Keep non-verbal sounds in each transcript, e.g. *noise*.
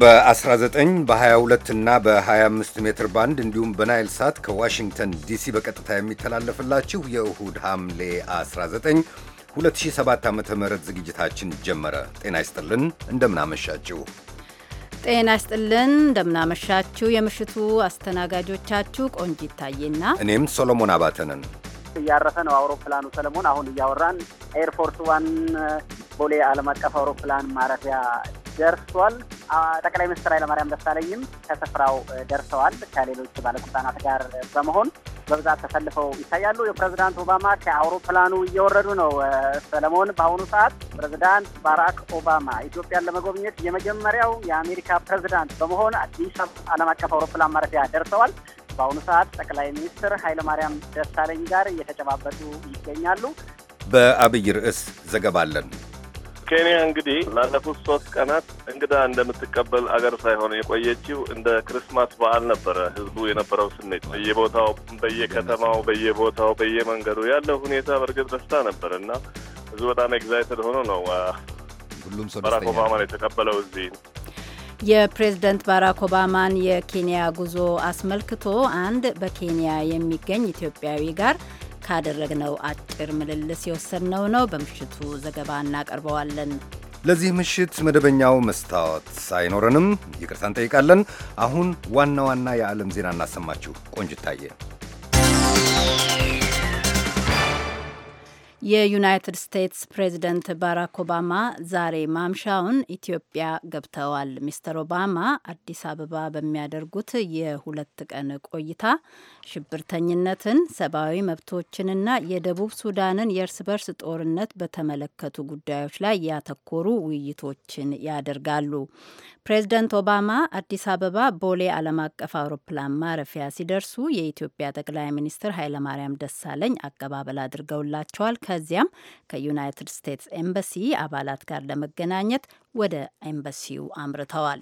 በ19 በ22 እና በ25 ሜትር ባንድ እንዲሁም በናይል ሳት ከዋሽንግተን ዲሲ በቀጥታ የሚተላለፍላችሁ የእሁድ ሐምሌ 19 2007 ዓ ም ዝግጅታችን ጀመረ። ጤና ይስጥልን፣ እንደምናመሻችሁ። ጤና ይስጥልን፣ እንደምናመሻችሁ። የምሽቱ አስተናጋጆቻችሁ ቆንጂ ይታየና እኔም ሶሎሞን አባተንን እያረፈ ነው አውሮፕላኑ። ሰለሞን አሁን እያወራን ኤርፎርስ ዋን ቦሌ ዓለም አቀፍ አውሮፕላን ማረፊያ ደርሷል። ጠቅላይ ሚኒስትር ኃይለማርያም ደሳለኝም ከስፍራው ደርሰዋል። ከሌሎች ባለስልጣናት ጋር በመሆን በብዛት ተሰልፈው ይታያሉ። የፕሬዚዳንት ኦባማ ከአውሮፕላኑ እየወረዱ ነው። ሰለሞን፣ በአሁኑ ሰዓት ፕሬዚዳንት ባራክ ኦባማ ኢትዮጵያን ለመጎብኘት የመጀመሪያው የአሜሪካ ፕሬዚዳንት በመሆን አዲስ አበባ ዓለም አቀፍ አውሮፕላን ማረፊያ ደርሰዋል። በአሁኑ ሰዓት ጠቅላይ ሚኒስትር ኃይለማርያም ደሳለኝ ጋር እየተጨባበጡ ይገኛሉ። በአብይ ርዕስ ዘገባ አለን። ኬንያ እንግዲህ ላለፉት ሶስት ቀናት እንግዳ እንደምትቀበል አገር ሳይሆን የቆየችው እንደ ክርስማስ በዓል ነበረ። ህዝቡ የነበረው ስሜት በየቦታው በየከተማው፣ በየቦታው፣ በየመንገዱ ያለው ሁኔታ በእርግጥ ደስታ ነበር እና ህዝቡ በጣም ኤግዛይትድ ሆኖ ነው ሁሉም ሰው ባራክ ኦባማን የተቀበለው እዚህ የፕሬዝደንት ባራክ ኦባማን የኬንያ ጉዞ አስመልክቶ አንድ በኬንያ የሚገኝ ኢትዮጵያዊ ጋር ካደረግነው አጭር ምልልስ የወሰድነው ነው። በምሽቱ ዘገባ እናቀርበዋለን። ለዚህ ምሽት መደበኛው መስታወት አይኖረንም፣ ይቅርታ እንጠይቃለን። አሁን ዋና ዋና የዓለም ዜና እናሰማችሁ ቆንጅታየ የዩናይትድ ስቴትስ ፕሬዚደንት ባራክ ኦባማ ዛሬ ማምሻውን ኢትዮጵያ ገብተዋል። ሚስተር ኦባማ አዲስ አበባ በሚያደርጉት የሁለት ቀን ቆይታ ሽብርተኝነትን፣ ሰብአዊ መብቶችንና የደቡብ ሱዳንን የእርስ በርስ ጦርነት በተመለከቱ ጉዳዮች ላይ ያተኮሩ ውይይቶችን ያደርጋሉ። ፕሬዝደንት ኦባማ አዲስ አበባ ቦሌ ዓለም አቀፍ አውሮፕላን ማረፊያ ሲደርሱ የኢትዮጵያ ጠቅላይ ሚኒስትር ኃይለማርያም ደሳለኝ አቀባበል አድርገውላቸዋል። ከዚያም ከዩናይትድ ስቴትስ ኤምባሲ አባላት ጋር ለመገናኘት ወደ ኤምባሲው አምርተዋል።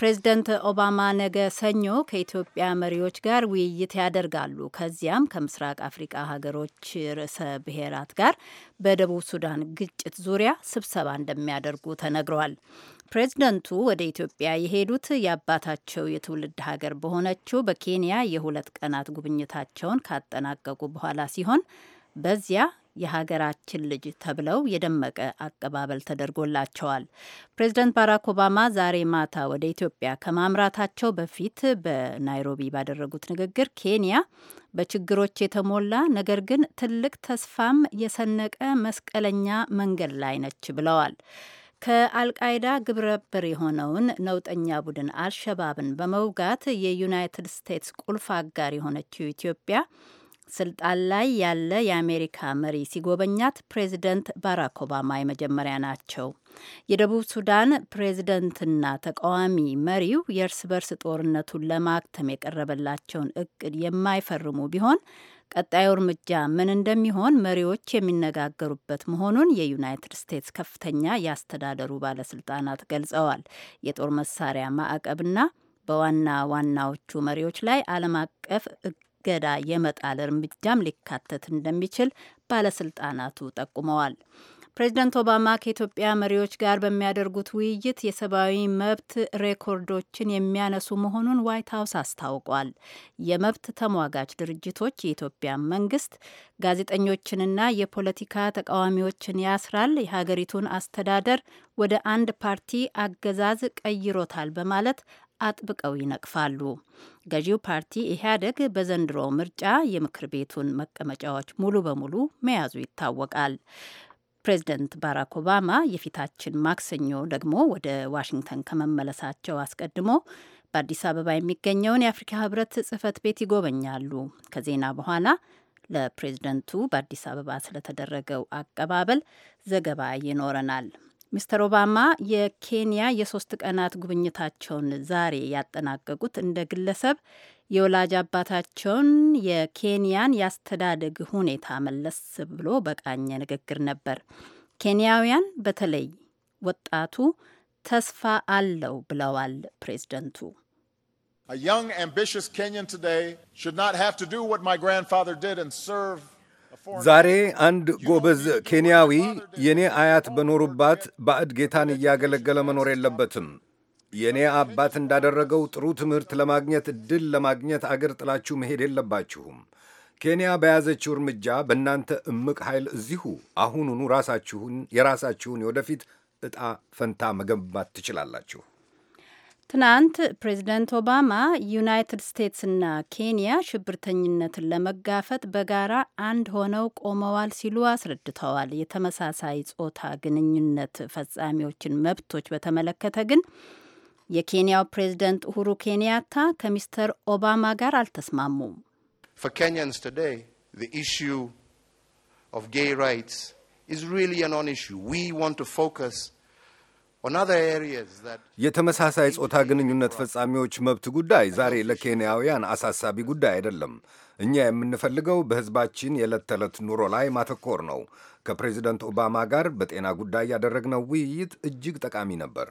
ፕሬዝደንት ኦባማ ነገ ሰኞ ከኢትዮጵያ መሪዎች ጋር ውይይት ያደርጋሉ። ከዚያም ከምስራቅ አፍሪቃ ሀገሮች ርዕሰ ብሔራት ጋር በደቡብ ሱዳን ግጭት ዙሪያ ስብሰባ እንደሚያደርጉ ተነግሯል። ፕሬዝደንቱ ወደ ኢትዮጵያ የሄዱት የአባታቸው የትውልድ ሀገር በሆነችው በኬንያ የሁለት ቀናት ጉብኝታቸውን ካጠናቀቁ በኋላ ሲሆን በዚያ የሀገራችን ልጅ ተብለው የደመቀ አቀባበል ተደርጎላቸዋል። ፕሬዚደንት ባራክ ኦባማ ዛሬ ማታ ወደ ኢትዮጵያ ከማምራታቸው በፊት በናይሮቢ ባደረጉት ንግግር ኬንያ በችግሮች የተሞላ ነገር ግን ትልቅ ተስፋም የሰነቀ መስቀለኛ መንገድ ላይ ነች ብለዋል። ከአልቃይዳ ግብረበር የሆነውን ነውጠኛ ቡድን አልሸባብን በመውጋት የዩናይትድ ስቴትስ ቁልፍ አጋር የሆነችው ኢትዮጵያ ስልጣን ላይ ያለ የአሜሪካ መሪ ሲጎበኛት ፕሬዚደንት ባራክ ኦባማ የመጀመሪያ ናቸው። የደቡብ ሱዳን ፕሬዝደንትና ተቃዋሚ መሪው የእርስ በርስ ጦርነቱን ለማክተም የቀረበላቸውን እቅድ የማይፈርሙ ቢሆን ቀጣዩ እርምጃ ምን እንደሚሆን መሪዎች የሚነጋገሩበት መሆኑን የዩናይትድ ስቴትስ ከፍተኛ የአስተዳደሩ ባለስልጣናት ገልጸዋል። የጦር መሳሪያ ማዕቀብና በዋና ዋናዎቹ መሪዎች ላይ ዓለም አቀፍ ገዳ የመጣል እርምጃም ሊካተት እንደሚችል ባለስልጣናቱ ጠቁመዋል። ፕሬዚደንት ኦባማ ከኢትዮጵያ መሪዎች ጋር በሚያደርጉት ውይይት የሰብአዊ መብት ሬኮርዶችን የሚያነሱ መሆኑን ዋይት ሀውስ አስታውቋል። የመብት ተሟጋች ድርጅቶች የኢትዮጵያ መንግስት ጋዜጠኞችንና የፖለቲካ ተቃዋሚዎችን ያስራል፣ የሀገሪቱን አስተዳደር ወደ አንድ ፓርቲ አገዛዝ ቀይሮታል በማለት አጥብቀው ይነቅፋሉ። ገዢው ፓርቲ ኢህአደግ በዘንድሮ ምርጫ የምክር ቤቱን መቀመጫዎች ሙሉ በሙሉ መያዙ ይታወቃል። ፕሬዚደንት ባራክ ኦባማ የፊታችን ማክሰኞ ደግሞ ወደ ዋሽንግተን ከመመለሳቸው አስቀድሞ በአዲስ አበባ የሚገኘውን የአፍሪካ ህብረት ጽህፈት ቤት ይጎበኛሉ። ከዜና በኋላ ለፕሬዝደንቱ በአዲስ አበባ ስለተደረገው አቀባበል ዘገባ ይኖረናል። ሚስተር ኦባማ የኬንያ የሶስት ቀናት ጉብኝታቸውን ዛሬ ያጠናቀቁት እንደ ግለሰብ የወላጅ አባታቸውን የኬንያን የአስተዳደግ ሁኔታ መለስ ብሎ በቃኘ ንግግር ነበር። ኬንያውያን በተለይ ወጣቱ ተስፋ አለው ብለዋል ፕሬዝደንቱ። A young ambitious Kenyan today should not have to do what my grandfather did and serve ዛሬ አንድ ጎበዝ ኬንያዊ የኔ አያት በኖሩባት ባዕድ ጌታን እያገለገለ መኖር የለበትም። የእኔ አባት እንዳደረገው ጥሩ ትምህርት ለማግኘት እድል ለማግኘት አገር ጥላችሁ መሄድ የለባችሁም። ኬንያ በያዘችው እርምጃ በእናንተ እምቅ ኃይል እዚሁ አሁኑኑ ራሳችሁን የራሳችሁን የወደፊት ዕጣ ፈንታ መገንባት ትችላላችሁ። ትናንት ፕሬዚደንት ኦባማ ዩናይትድ ስቴትስና ኬንያ ሽብርተኝነትን ለመጋፈጥ በጋራ አንድ ሆነው ቆመዋል ሲሉ አስረድተዋል። የተመሳሳይ ጾታ ግንኙነት ፈጻሚዎችን መብቶች በተመለከተ ግን የኬንያው ፕሬዚደንት ኡሁሩ ኬንያታ ከሚስተር ኦባማ ጋር አልተስማሙም። ኬንያንስ የተመሳሳይ ጾታ ግንኙነት ፈጻሚዎች መብት ጉዳይ ዛሬ ለኬንያውያን አሳሳቢ ጉዳይ አይደለም። እኛ የምንፈልገው በሕዝባችን የዕለት ተዕለት ኑሮ ላይ ማተኮር ነው። ከፕሬዚደንት ኦባማ ጋር በጤና ጉዳይ ያደረግነው ውይይት እጅግ ጠቃሚ ነበር።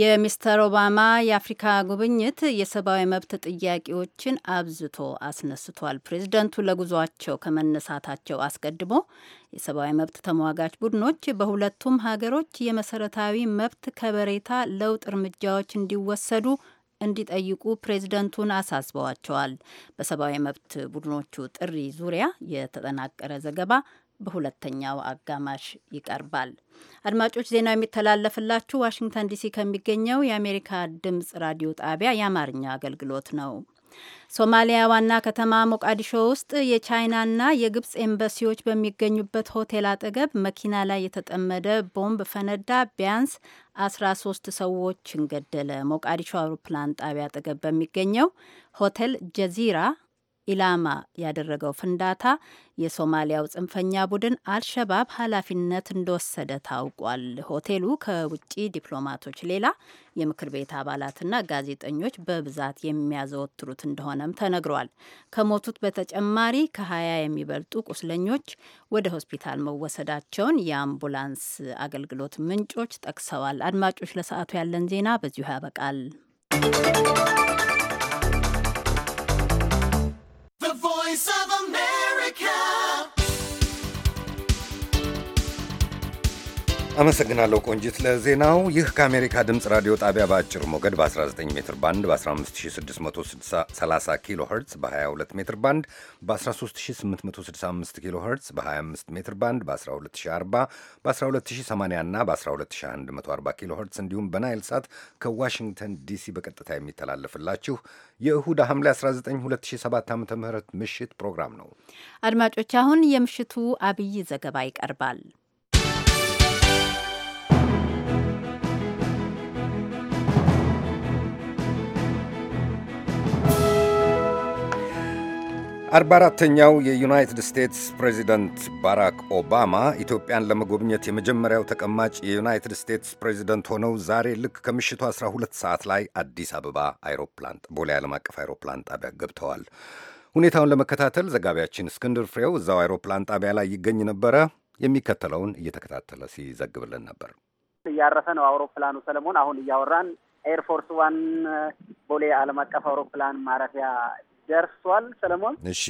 የሚስተር ኦባማ የአፍሪካ ጉብኝት የሰብአዊ መብት ጥያቄዎችን አብዝቶ አስነስቷል። ፕሬዝደንቱ ለጉዟቸው ከመነሳታቸው አስቀድሞ የሰብአዊ መብት ተሟጋች ቡድኖች በሁለቱም ሀገሮች የመሰረታዊ መብት ከበሬታ ለውጥ እርምጃዎች እንዲወሰዱ እንዲጠይቁ ፕሬዝደንቱን አሳስበዋቸዋል። በሰብአዊ መብት ቡድኖቹ ጥሪ ዙሪያ የተጠናቀረ ዘገባ በሁለተኛው አጋማሽ ይቀርባል። አድማጮች ዜናው የሚተላለፍላችሁ ዋሽንግተን ዲሲ ከሚገኘው የአሜሪካ ድምጽ ራዲዮ ጣቢያ የአማርኛ አገልግሎት ነው። ሶማሊያ ዋና ከተማ ሞቃዲሾ ውስጥ የቻይናና የግብፅ ኤምባሲዎች በሚገኙበት ሆቴል አጠገብ መኪና ላይ የተጠመደ ቦምብ ፈነዳ። ቢያንስ 13 ሰዎችን ገደለ። ሞቃዲሾ አውሮፕላን ጣቢያ አጠገብ በሚገኘው ሆቴል ጀዚራ ኢላማ ያደረገው ፍንዳታ የሶማሊያው ጽንፈኛ ቡድን አልሸባብ ኃላፊነት እንደወሰደ ታውቋል። ሆቴሉ ከውጭ ዲፕሎማቶች ሌላ የምክር ቤት አባላትና ጋዜጠኞች በብዛት የሚያዘወትሩት እንደሆነም ተነግሯል። ከሞቱት በተጨማሪ ከሀያ የሚበልጡ ቁስለኞች ወደ ሆስፒታል መወሰዳቸውን የአምቡላንስ አገልግሎት ምንጮች ጠቅሰዋል። አድማጮች፣ ለሰዓቱ ያለን ዜና በዚሁ ያበቃል። አመሰግናለሁ ቆንጂት ለዜናው። ይህ ከአሜሪካ ድምፅ ራዲዮ ጣቢያ በአጭር ሞገድ በ19 ሜትር ባንድ በ15630 ኪሎ ኸርትዝ በ22 ሜትር ባንድ በ13865 ኪሎ ኸርትዝ በ25 ሜትር ባንድ በ12040 በ12080 እና በ12140 ኪሎ ኸርትዝ እንዲሁም በናይል ሳት ከዋሽንግተን ዲሲ በቀጥታ የሚተላለፍላችሁ የእሁድ ሐምሌ 19 2007 ዓ ም ምሽት ፕሮግራም ነው። አድማጮች፣ አሁን የምሽቱ አብይ ዘገባ ይቀርባል። አርባ አራተኛው የዩናይትድ ስቴትስ ፕሬዚደንት ባራክ ኦባማ ኢትዮጵያን ለመጎብኘት የመጀመሪያው ተቀማጭ የዩናይትድ ስቴትስ ፕሬዚደንት ሆነው ዛሬ ልክ ከምሽቱ 12 ሰዓት ላይ አዲስ አበባ አይሮፕላን ቦሌ ዓለም አቀፍ አይሮፕላን ጣቢያ ገብተዋል። ሁኔታውን ለመከታተል ዘጋቢያችን እስክንድር ፍሬው እዛው አይሮፕላን ጣቢያ ላይ ይገኝ ነበረ። የሚከተለውን እየተከታተለ ሲዘግብልን ነበር። እያረፈ ነው አውሮፕላኑ ሰለሞን። አሁን እያወራን ኤርፎርስ ዋን ቦሌ ዓለም አቀፍ አውሮፕላን ማረፊያ ደርሷል። ሰለሞን እሺ፣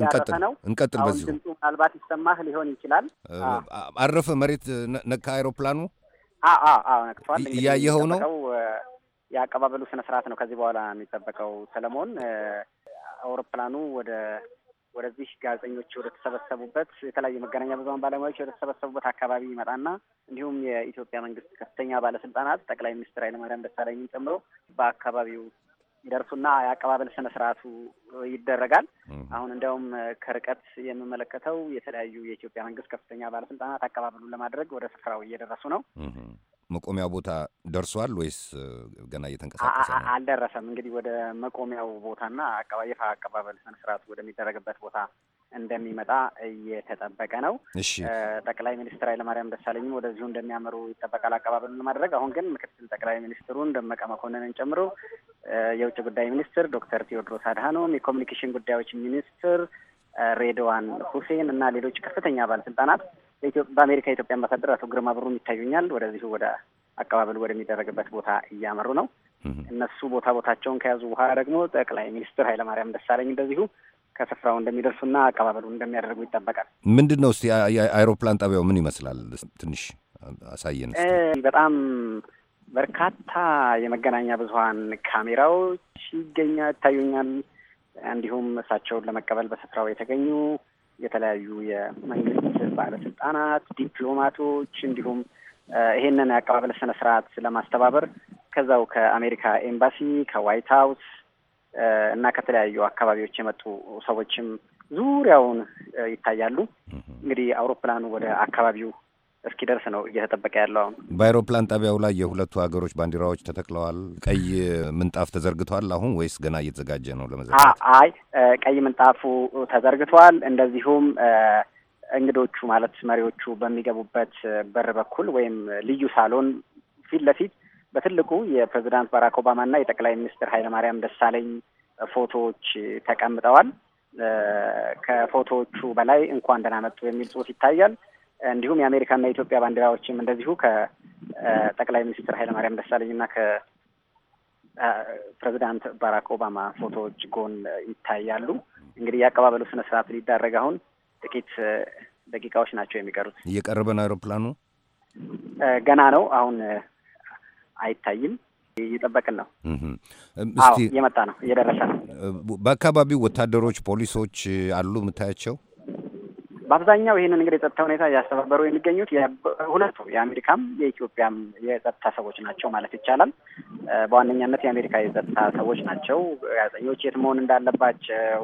እንቀጥል ነው እንቀጥል። በዚሁ ድምፁ ምናልባት ይሰማህ ሊሆን ይችላል። አረፈ መሬት ነካ አይሮፕላኑ። አዎ ነክቷል። እያየኸው ነው። የአቀባበሉ ስነ ስርዓት ነው ከዚህ በኋላ የሚጠበቀው ሰለሞን። አውሮፕላኑ ወደ ወደዚህ ጋዜጠኞች ወደተሰበሰቡበት የተለያዩ መገናኛ ብዙኃን ባለሙያዎች ወደተሰበሰቡበት አካባቢ ይመጣና እንዲሁም የኢትዮጵያ መንግስት ከፍተኛ ባለስልጣናት ጠቅላይ ሚኒስትር ኃይለማርያም ደሳለኝን ጨምሮ በአካባቢው ይደርሱና የአቀባበል ስነ ስርዓቱ ይደረጋል። አሁን እንዲያውም ከርቀት የምመለከተው የተለያዩ የኢትዮጵያ መንግስት ከፍተኛ ባለስልጣናት አቀባበሉን ለማድረግ ወደ ስፍራው እየደረሱ ነው። መቆሚያው ቦታ ደርሷል ወይስ ገና እየተንቀሳቀሰ ነው? አልደረሰም። እንግዲህ ወደ መቆሚያው ቦታና ይፋ አቀባበል ስነ ስርዓቱ ወደሚደረግበት ቦታ እንደሚመጣ እየተጠበቀ ነው። ጠቅላይ ሚኒስትር ኃይለማርያም ደሳለኝም ወደዚሁ እንደሚያመሩ ይጠበቃል አቀባበሉን ማድረግ። አሁን ግን ምክትል ጠቅላይ ሚኒስትሩን ደመቀ መኮንንን ጨምሮ የውጭ ጉዳይ ሚኒስትር ዶክተር ቴዎድሮስ አድሃኖም፣ የኮሚኒኬሽን ጉዳዮች ሚኒስትር ሬድዋን ሁሴን እና ሌሎች ከፍተኛ ባለስልጣናት በአሜሪካ የኢትዮጵያ አምባሳደር አቶ ግርማ ብሩም ይታዩኛል። ወደዚሁ ወደ አቀባበሉ ወደሚደረግበት ቦታ እያመሩ ነው። እነሱ ቦታ ቦታቸውን ከያዙ በኋላ ደግሞ ጠቅላይ ሚኒስትር ኃይለማርያም ደሳለኝ እንደዚሁ ከስፍራው እንደሚደርሱና አቀባበሉን እንደሚያደርጉ ይጠበቃል። ምንድን ነው እስቲ የአይሮፕላን ጣቢያው ምን ይመስላል? ትንሽ አሳየን። በጣም በርካታ የመገናኛ ብዙኃን ካሜራዎች ይገኛ ይታዩኛል። እንዲሁም እሳቸውን ለመቀበል በስፍራው የተገኙ የተለያዩ የመንግስት ባለስልጣናት፣ ዲፕሎማቶች እንዲሁም ይሄንን የአቀባበል ስነ ስርዓት ለማስተባበር ከዛው ከአሜሪካ ኤምባሲ ከዋይት ሀውስ እና ከተለያዩ አካባቢዎች የመጡ ሰዎችም ዙሪያውን ይታያሉ። እንግዲህ አውሮፕላኑ ወደ አካባቢው እስኪደርስ ነው እየተጠበቀ ያለው። አሁን በአውሮፕላን ጣቢያው ላይ የሁለቱ ሀገሮች ባንዲራዎች ተተክለዋል። ቀይ ምንጣፍ ተዘርግቷል አሁን ወይስ ገና እየተዘጋጀ ነው ለመዘጋጀት? አይ ቀይ ምንጣፉ ተዘርግቷል። እንደዚሁም እንግዶቹ ማለት መሪዎቹ በሚገቡበት በር በኩል ወይም ልዩ ሳሎን ፊት ለፊት በትልቁ የፕሬዚዳንት ባራክ ኦባማና የጠቅላይ ሚኒስትር ኃይለማርያም ደሳለኝ ፎቶዎች ተቀምጠዋል። ከፎቶዎቹ በላይ እንኳን ደህና መጡ የሚል ጽሑፍ ይታያል። እንዲሁም የአሜሪካና የኢትዮጵያ ባንዲራዎችም እንደዚሁ ከጠቅላይ ሚኒስትር ኃይለማርያም እና ከፕሬዚዳንት ባራክ ኦባማ ፎቶዎች ጎን ይታያሉ። እንግዲህ የአቀባበሉ ስነስርዓት ሊዳረግ አሁን ጥቂት ደቂቃዎች ናቸው የሚቀሩት። እየቀረበ ነው አይሮፕላኑ ገና ነው አሁን አይታይም። እየጠበቅን ነው። እየመጣ ነው፣ እየደረሰ ነው። በአካባቢው ወታደሮች፣ ፖሊሶች አሉ የምታያቸው? በአብዛኛው ይህንን እንግዲህ የጸጥታ ሁኔታ እያስተባበሩ የሚገኙት ሁለቱ የአሜሪካም የኢትዮጵያም የጸጥታ ሰዎች ናቸው ማለት ይቻላል። በዋነኛነት የአሜሪካ የጸጥታ ሰዎች ናቸው። ጋዜጠኞች የት መሆን እንዳለባቸው፣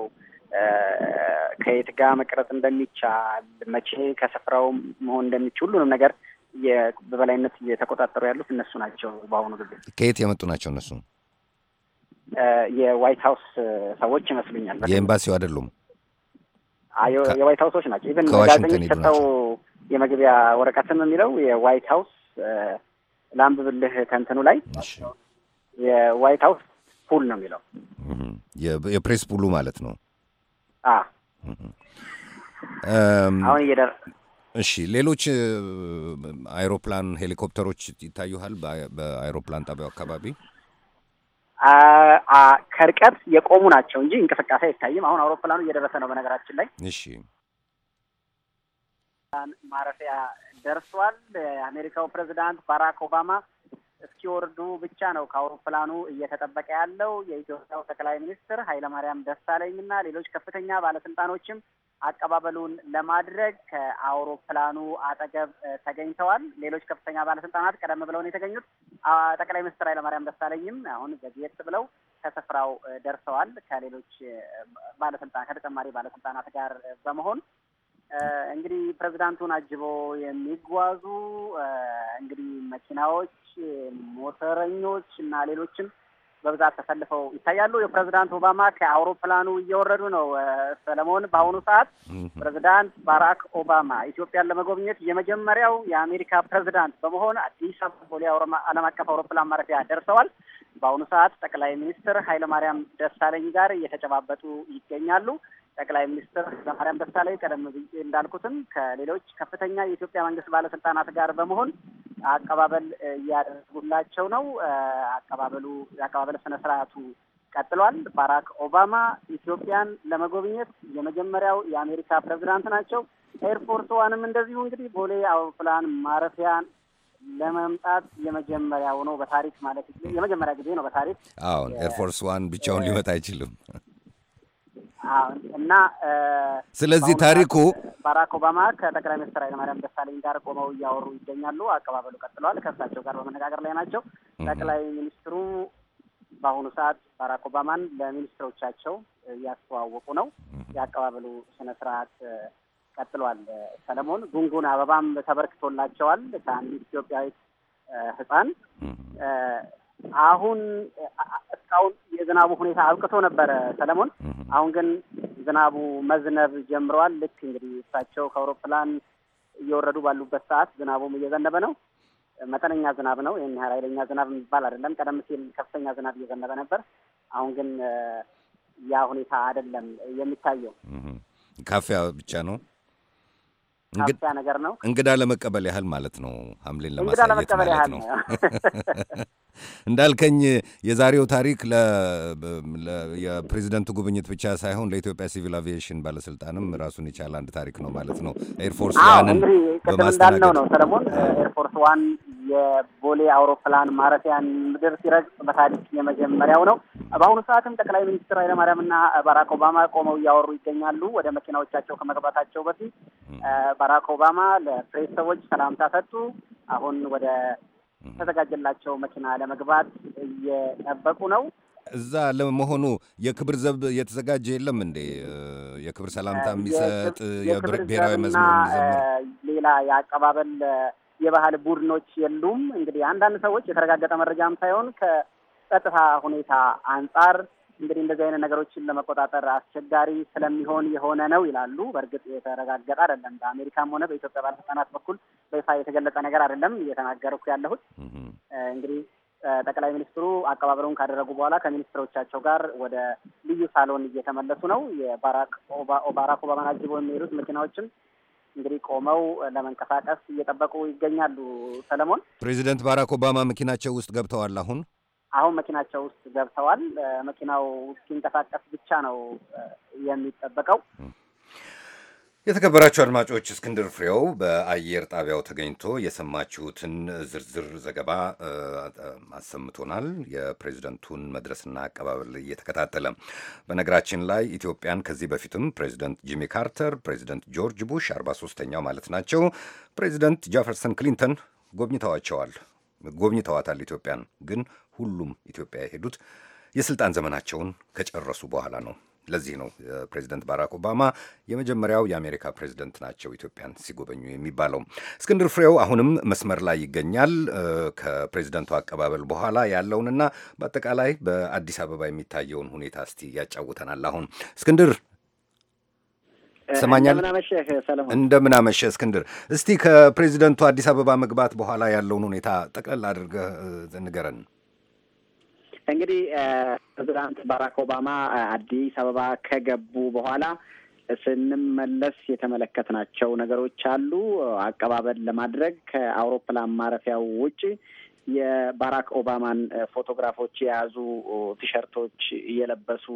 ከየት ጋር መቅረጽ እንደሚቻል፣ መቼ ከስፍራው መሆን እንደሚችል ሁሉንም ነገር በበላይነት እየተቆጣጠሩ ያሉት እነሱ ናቸው። በአሁኑ ጊዜ ከየት የመጡ ናቸው እነሱ? የዋይት ሀውስ ሰዎች ይመስሉኛል። የኤምባሲው አይደሉም። የዋይት ሀውሶች ናቸው። ኢቨን ጋዜጠኞች ሰጠው የመግቢያ ወረቀትም የሚለው የዋይት ሀውስ ለአንብብልህ ከእንትኑ ላይ የዋይት ሀውስ ፑል ነው የሚለው የፕሬስ ፑሉ ማለት ነው። አሁን እየደረ እሺ፣ ሌሎች አይሮፕላን፣ ሄሊኮፕተሮች ይታዩሃል በአይሮፕላን ጣቢያው አካባቢ? ከርቀት የቆሙ ናቸው እንጂ እንቅስቃሴ አይታይም። አሁን አውሮፕላኑ እየደረሰ ነው። በነገራችን ላይ እሺ፣ ማረፊያ ደርሷል። የአሜሪካው ፕሬዚዳንት ባራክ ኦባማ እስኪወርዱ ብቻ ነው ከአውሮፕላኑ እየተጠበቀ ያለው። የኢትዮጵያው ጠቅላይ ሚኒስትር ኃይለማርያም ደሳለኝና ሌሎች ከፍተኛ ባለስልጣኖችም አቀባበሉን ለማድረግ ከአውሮፕላኑ አጠገብ ተገኝተዋል። ሌሎች ከፍተኛ ባለስልጣናት ቀደም ብለው ነው የተገኙት። ጠቅላይ ሚኒስትር ኃይለማርያም ደሳለኝም አሁን ዘግየት ብለው ከስፍራው ደርሰዋል። ከሌሎች ባለስልጣን ከተጨማሪ ባለስልጣናት ጋር በመሆን እንግዲህ ፕሬዚዳንቱን አጅበው የሚጓዙ እንግዲህ መኪናዎች፣ ሞተረኞች እና ሌሎችም በብዛት ተሰልፈው ይታያሉ። የፕሬዚዳንት ኦባማ ከአውሮፕላኑ እየወረዱ ነው። ሰለሞን፣ በአሁኑ ሰዓት ፕሬዚዳንት ባራክ ኦባማ ኢትዮጵያን ለመጎብኘት የመጀመሪያው የአሜሪካ ፕሬዚዳንት በመሆን አዲስ አበባ ቦሌ ዓለም አቀፍ አውሮፕላን ማረፊያ ደርሰዋል። በአሁኑ ሰዓት ጠቅላይ ሚኒስትር ኃይለማርያም ደሳለኝ ጋር እየተጨባበጡ ይገኛሉ። ጠቅላይ ሚኒስትር ኃይለማርያም ደሳለኝ ቀደም ብዬ እንዳልኩትም ከሌሎች ከፍተኛ የኢትዮጵያ መንግስት ባለስልጣናት ጋር በመሆን አቀባበል እያደረጉላቸው ነው። አቀባበሉ የአቀባበል ስነ ስርዓቱ ቀጥሏል። ባራክ ኦባማ ኢትዮጵያን ለመጎብኘት የመጀመሪያው የአሜሪካ ፕሬዚዳንት ናቸው። ኤርፖርት ዋንም እንደዚሁ እንግዲህ ቦሌ አውሮፕላን ማረፊያን ለመምጣት የመጀመሪያው ነው በታሪክ ማለት የመጀመሪያ ጊዜ ነው በታሪክ አሁን ኤርፎርስ ዋን ብቻውን ሊመጣ አይችልም። እና ስለዚህ ታሪኩ ባራክ ኦባማ ከጠቅላይ ሚኒስትር ኃይለማርያም ደሳለኝ ጋር ቆመው እያወሩ ይገኛሉ። አቀባበሉ ቀጥለዋል። ከእሳቸው ጋር በመነጋገር ላይ ናቸው። ጠቅላይ ሚኒስትሩ በአሁኑ ሰዓት ባራክ ኦባማን ለሚኒስትሮቻቸው እያስተዋወቁ ነው። የአቀባበሉ ስነ ስርዓት ቀጥሏል። ሰለሞን ጉንጉን አበባም ተበርክቶላቸዋል ከአንዲት ኢትዮጵያዊት ህፃን አሁን እስካሁን የዝናቡ ሁኔታ አብቅቶ ነበረ ሰለሞን። አሁን ግን ዝናቡ መዝነብ ጀምረዋል። ልክ እንግዲህ እሳቸው ከአውሮፕላን እየወረዱ ባሉበት ሰዓት ዝናቡም እየዘነበ ነው። መጠነኛ ዝናብ ነው። ይህን ያህል ኃይለኛ ዝናብ የሚባል አይደለም። ቀደም ሲል ከፍተኛ ዝናብ እየዘነበ ነበር። አሁን ግን ያ ሁኔታ አይደለም የሚታየው፣ ካፊያ ብቻ ነው። ሀብቻ ነገር ነው። እንግዳ ለመቀበል ያህል ማለት ነው። ሐምሌን ለማሳየት ማለት ነው። *laughs* እንዳልከኝ የዛሬው ታሪክ የፕሬዚደንቱ ጉብኝት ብቻ ሳይሆን ለኢትዮጵያ ሲቪል አቪዬሽን ባለስልጣንም ራሱን የቻለ አንድ ታሪክ ነው ማለት ነው። ኤርፎርስ ዋንን በማስተናገድ ነው ሰለሞን ኤርፎርስ ዋን የቦሌ አውሮፕላን ማረፊያን ምድር ሲረግጥ በታሪክ የመጀመሪያው ነው። በአሁኑ ሰዓትም ጠቅላይ ሚኒስትር ና ባራክ ኦባማ ቆመው እያወሩ ይገኛሉ። ወደ መኪናዎቻቸው ከመግባታቸው በፊት ባራክ ኦባማ ለፕሬስ ሰዎች ሰላምታ ሰጡ። አሁን ወደ ተዘጋጀላቸው መኪና ለመግባት እየጠበቁ ነው። እዛ ለመሆኑ የክብር ዘብ እየተዘጋጀ የለም እንዴ? የክብር ሰላምታ የሚሰጥ የብሔራዊ መዝሙር ሌላ የአቀባበል የባህል ቡድኖች የሉም። እንግዲህ አንዳንድ ሰዎች የተረጋገጠ መረጃም ሳይሆን ከጸጥታ ሁኔታ አንጻር እንግዲህ እንደዚህ አይነት ነገሮችን ለመቆጣጠር አስቸጋሪ ስለሚሆን የሆነ ነው ይላሉ። በእርግጥ የተረጋገጠ አይደለም። በአሜሪካም ሆነ በኢትዮጵያ ባለስልጣናት በኩል በይፋ የተገለጸ ነገር አይደለም እየተናገርኩ ያለሁት። እንግዲህ ጠቅላይ ሚኒስትሩ አቀባበሩን ካደረጉ በኋላ ከሚኒስትሮቻቸው ጋር ወደ ልዩ ሳሎን እየተመለሱ ነው። የባራክ ኦባራክ ኦባማን አጅበው የሚሄዱት መኪናዎችም እንግዲህ ቆመው ለመንቀሳቀስ እየጠበቁ ይገኛሉ። ሰለሞን፣ ፕሬዚደንት ባራክ ኦባማ መኪናቸው ውስጥ ገብተዋል። አሁን አሁን መኪናቸው ውስጥ ገብተዋል። መኪናው ሲንቀሳቀስ ብቻ ነው የሚጠበቀው። የተከበራችሁ አድማጮች እስክንድር ፍሬው በአየር ጣቢያው ተገኝቶ የሰማችሁትን ዝርዝር ዘገባ አሰምቶናል። የፕሬዝደንቱን መድረስና አቀባበል እየተከታተለ በነገራችን ላይ ኢትዮጵያን ከዚህ በፊትም ፕሬዚደንት ጂሚ ካርተር፣ ፕሬዚደንት ጆርጅ ቡሽ 43ተኛው ማለት ናቸው፣ ፕሬዚደንት ጃፈርሰን ክሊንተን ጎብኝተዋቸዋል ጎብኝተዋታል ኢትዮጵያን። ግን ሁሉም ኢትዮጵያ የሄዱት የስልጣን ዘመናቸውን ከጨረሱ በኋላ ነው። ለዚህ ነው ፕሬዚደንት ባራክ ኦባማ የመጀመሪያው የአሜሪካ ፕሬዚደንት ናቸው ኢትዮጵያን ሲጎበኙ የሚባለው። እስክንድር ፍሬው አሁንም መስመር ላይ ይገኛል። ከፕሬዚደንቱ አቀባበል በኋላ ያለውንና በአጠቃላይ በአዲስ አበባ የሚታየውን ሁኔታ እስቲ ያጫውተናል። አሁን እስክንድር ሰማኛል። እንደምን አመሸ እስክንድር። እስቲ ከፕሬዚደንቱ አዲስ አበባ መግባት በኋላ ያለውን ሁኔታ ጠቅለል አድርገህ ንገረን። እንግዲህ ፕሬዚዳንት ባራክ ኦባማ አዲስ አበባ ከገቡ በኋላ ስንመለስ የተመለከትናቸው ነገሮች አሉ። አቀባበል ለማድረግ ከአውሮፕላን ማረፊያው ውጭ የባራክ ኦባማን ፎቶግራፎች የያዙ ቲሸርቶች የለበሱ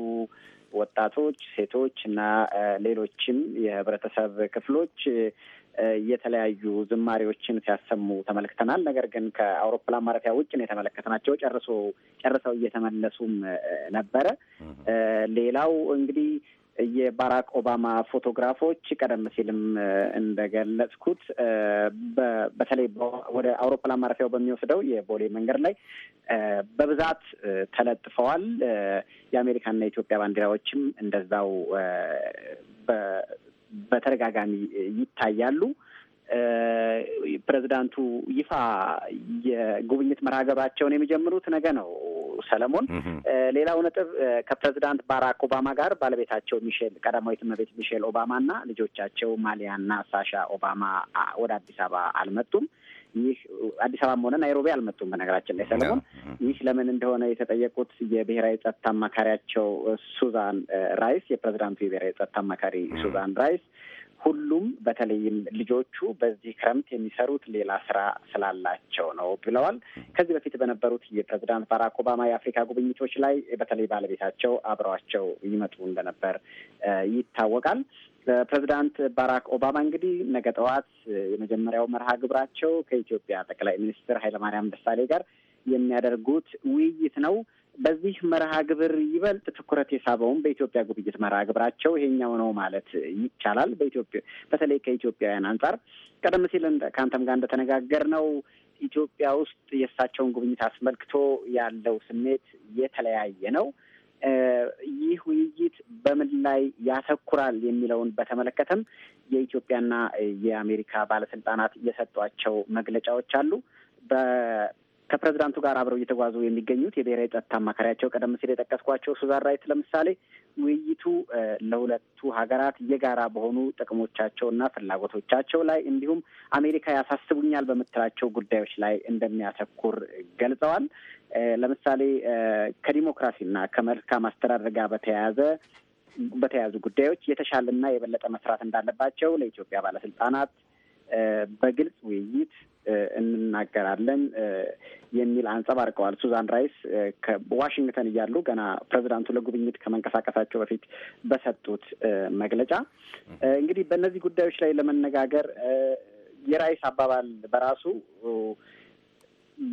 ወጣቶች፣ ሴቶች እና ሌሎችም የህብረተሰብ ክፍሎች የተለያዩ ዝማሬዎችን ሲያሰሙ ተመልክተናል። ነገር ግን ከአውሮፕላን ማረፊያ ውጭ ነው የተመለከትናቸው። ጨርሶ ጨርሰው እየተመለሱም ነበረ። ሌላው እንግዲህ የባራክ ኦባማ ፎቶግራፎች ቀደም ሲልም እንደገለጽኩት በተለይ ወደ አውሮፕላን ማረፊያው በሚወስደው የቦሌ መንገድ ላይ በብዛት ተለጥፈዋል። የአሜሪካና የኢትዮጵያ ባንዲራዎችም እንደዛው በተደጋጋሚ ይታያሉ። ፕሬዚዳንቱ ይፋ የጉብኝት መርሃ የሚጀምሩት ነገ ነው። ሰለሞን፣ ሌላው ነጥብ ከፕሬዚዳንት ባራክ ኦባማ ጋር ባለቤታቸው ሚሼል ቀዳማዊት እመቤት ሚሼል ኦባማ እና ልጆቻቸው ማሊያና ሳሻ ኦባማ ወደ አዲስ አበባ አልመጡም። ይህ አዲስ አበባም ሆነ ናይሮቢ አልመጡም። በነገራችን ላይ ሰለሞን፣ ይህ ለምን እንደሆነ የተጠየቁት የብሔራዊ ጸጥታ አማካሪያቸው ሱዛን ራይስ፣ የፕሬዚዳንቱ የብሔራዊ ጸጥታ አማካሪ ሱዛን ራይስ ሁሉም በተለይም ልጆቹ በዚህ ክረምት የሚሰሩት ሌላ ስራ ስላላቸው ነው ብለዋል። ከዚህ በፊት በነበሩት የፕሬዚዳንት ባራክ ኦባማ የአፍሪካ ጉብኝቶች ላይ በተለይ ባለቤታቸው አብረዋቸው ይመጡ እንደነበር ይታወቃል። ፕሬዚዳንት ባራክ ኦባማ እንግዲህ ነገ ጠዋት የመጀመሪያው መርሃ ግብራቸው ከኢትዮጵያ ጠቅላይ ሚኒስትር ኃይለማርያም ደሳሌ ጋር የሚያደርጉት ውይይት ነው። በዚህ መርሃ ግብር ይበልጥ ትኩረት የሳበውም በኢትዮጵያ ጉብኝት መርሃ ግብራቸው ይሄኛው ነው ማለት ይቻላል። በኢትዮጵያ በተለይ ከኢትዮጵያውያን አንጻር ቀደም ሲል ከአንተም ጋር እንደተነጋገርነው ኢትዮጵያ ውስጥ የእሳቸውን ጉብኝት አስመልክቶ ያለው ስሜት የተለያየ ነው። ይህ ውይይት በምን ላይ ያተኩራል የሚለውን በተመለከተም የኢትዮጵያና የአሜሪካ ባለስልጣናት የሰጧቸው መግለጫዎች አሉ። ከፕሬዚዳንቱ ጋር አብረው እየተጓዙ የሚገኙት የብሔራዊ ጸጥታ አማካሪያቸው ቀደም ሲል የጠቀስኳቸው ሱዛን ራይት ለምሳሌ ውይይቱ ለሁለቱ ሀገራት የጋራ በሆኑ እና ፍላጎቶቻቸው ላይ እንዲሁም አሜሪካ ያሳስቡኛል በምትላቸው ጉዳዮች ላይ እንደሚያተኩር ገልጸዋል። ለምሳሌ ከዲሞክራሲና ከመልካም አስተዳደር ጋር በተያያዘ በተያያዙ ጉዳዮች የተሻለና የበለጠ መስራት እንዳለባቸው ለኢትዮጵያ ባለስልጣናት በግልጽ ውይይት እንናገራለን የሚል አንጸባርቀዋል። ሱዛን ራይስ ዋሽንግተን እያሉ ገና ፕሬዚዳንቱ ለጉብኝት ከመንቀሳቀሳቸው በፊት በሰጡት መግለጫ እንግዲህ በእነዚህ ጉዳዮች ላይ ለመነጋገር የራይስ አባባል በራሱ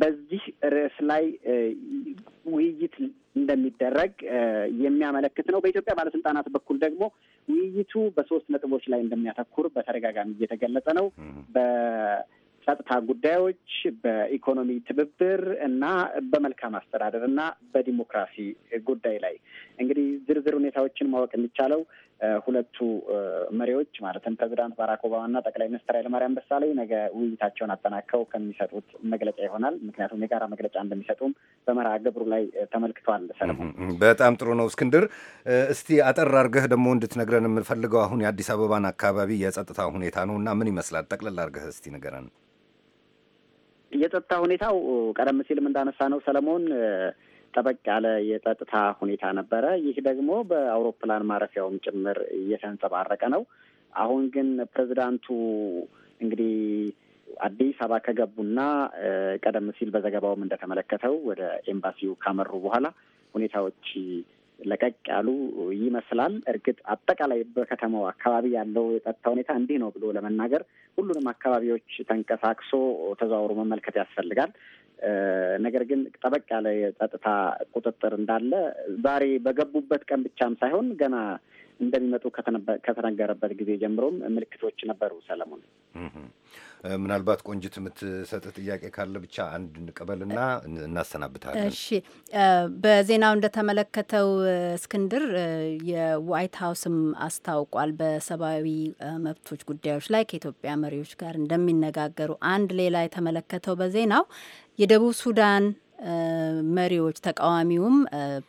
በዚህ ርዕስ ላይ ውይይት እንደሚደረግ የሚያመለክት ነው። በኢትዮጵያ ባለስልጣናት በኩል ደግሞ ውይይቱ በሶስት ነጥቦች ላይ እንደሚያተኩር በተደጋጋሚ እየተገለጸ ነው። በጸጥታ ጉዳዮች፣ በኢኮኖሚ ትብብር እና በመልካም አስተዳደር እና በዲሞክራሲ ጉዳይ ላይ እንግዲህ ዝርዝር ሁኔታዎችን ማወቅ የሚቻለው ሁለቱ መሪዎች ማለትም ፕሬዚዳንት ባራክ ኦባማና ጠቅላይ ሚኒስትር ኃይለማርያም ደሳለኝ ነገ ውይይታቸውን አጠናከው ከሚሰጡት መግለጫ ይሆናል። ምክንያቱም የጋራ መግለጫ እንደሚሰጡም በመርሃ ግብሩ ላይ ተመልክቷል። ሰለሞን፣ በጣም ጥሩ ነው። እስክንድር፣ እስቲ አጠር አርገህ ደግሞ እንድትነግረን የምንፈልገው አሁን የአዲስ አበባን አካባቢ የጸጥታ ሁኔታ ነው እና ምን ይመስላል? ጠቅለል አርገህ እስቲ ንገረን። የጸጥታ ሁኔታው ቀደም ሲልም እንዳነሳ ነው ሰለሞን ጠበቅ ያለ የጸጥታ ሁኔታ ነበረ። ይህ ደግሞ በአውሮፕላን ማረፊያውም ጭምር እየተንጸባረቀ ነው። አሁን ግን ፕሬዚዳንቱ እንግዲህ አዲስ አበባ ከገቡና ቀደም ሲል በዘገባውም እንደተመለከተው ወደ ኤምባሲው ካመሩ በኋላ ሁኔታዎች ለቀቅ ያሉ ይመስላል። እርግጥ አጠቃላይ በከተማው አካባቢ ያለው የጸጥታ ሁኔታ እንዲህ ነው ብሎ ለመናገር ሁሉንም አካባቢዎች ተንቀሳቅሶ ተዘዋውሮ መመልከት ያስፈልጋል። ነገር ግን ጠበቅ ያለ የጸጥታ ቁጥጥር እንዳለ ዛሬ በገቡበት ቀን ብቻም ሳይሆን ገና እንደሚመጡ ከተነገረበት ጊዜ ጀምሮም ምልክቶች ነበሩ። ሰለሞን፣ ምናልባት ቆንጅት የምትሰጥ ጥያቄ ካለ ብቻ አንድ እንቀበልና እናሰናብታለን። እሺ፣ በዜናው እንደተመለከተው እስክንድር የዋይት ሀውስም አስታውቋል በሰብአዊ መብቶች ጉዳዮች ላይ ከኢትዮጵያ መሪዎች ጋር እንደሚነጋገሩ። አንድ ሌላ የተመለከተው በዜናው የደቡብ ሱዳን መሪዎች ተቃዋሚውም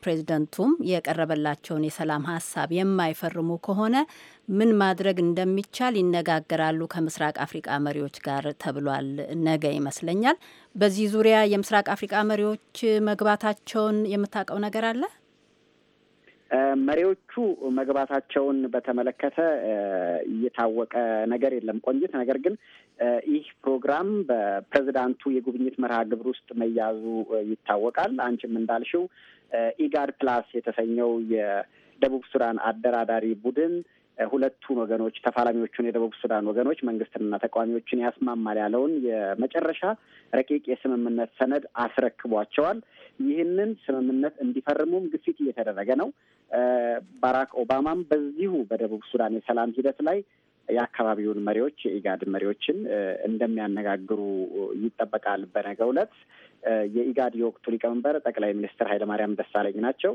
ፕሬዝደንቱም የቀረበላቸውን የሰላም ሀሳብ የማይፈርሙ ከሆነ ምን ማድረግ እንደሚቻል ይነጋገራሉ ከምስራቅ አፍሪቃ መሪዎች ጋር ተብሏል። ነገ ይመስለኛል። በዚህ ዙሪያ የምስራቅ አፍሪቃ መሪዎች መግባታቸውን የምታውቀው ነገር አለ? መሪዎቹ መግባታቸውን በተመለከተ እየታወቀ ነገር የለም ቆንጅት። ነገር ግን ይህ ፕሮግራም በፕሬዚዳንቱ የጉብኝት መርሃ ግብር ውስጥ መያዙ ይታወቃል። አንቺም እንዳልሽው ኢጋድ ፕላስ የተሰኘው የደቡብ ሱዳን አደራዳሪ ቡድን ሁለቱን ወገኖች ተፋላሚዎቹን የደቡብ ሱዳን ወገኖች መንግስትንና ተቃዋሚዎችን ያስማማል ያለውን የመጨረሻ ረቂቅ የስምምነት ሰነድ አስረክቧቸዋል። ይህንን ስምምነት እንዲፈርሙም ግፊት እየተደረገ ነው። ባራክ ኦባማም በዚሁ በደቡብ ሱዳን የሰላም ሂደት ላይ የአካባቢውን መሪዎች የኢጋድ መሪዎችን እንደሚያነጋግሩ ይጠበቃል በነገ ዕለት። የኢጋድ የወቅቱ ሊቀመንበር ጠቅላይ ሚኒስትር ኃይለማርያም ደሳለኝ ናቸው።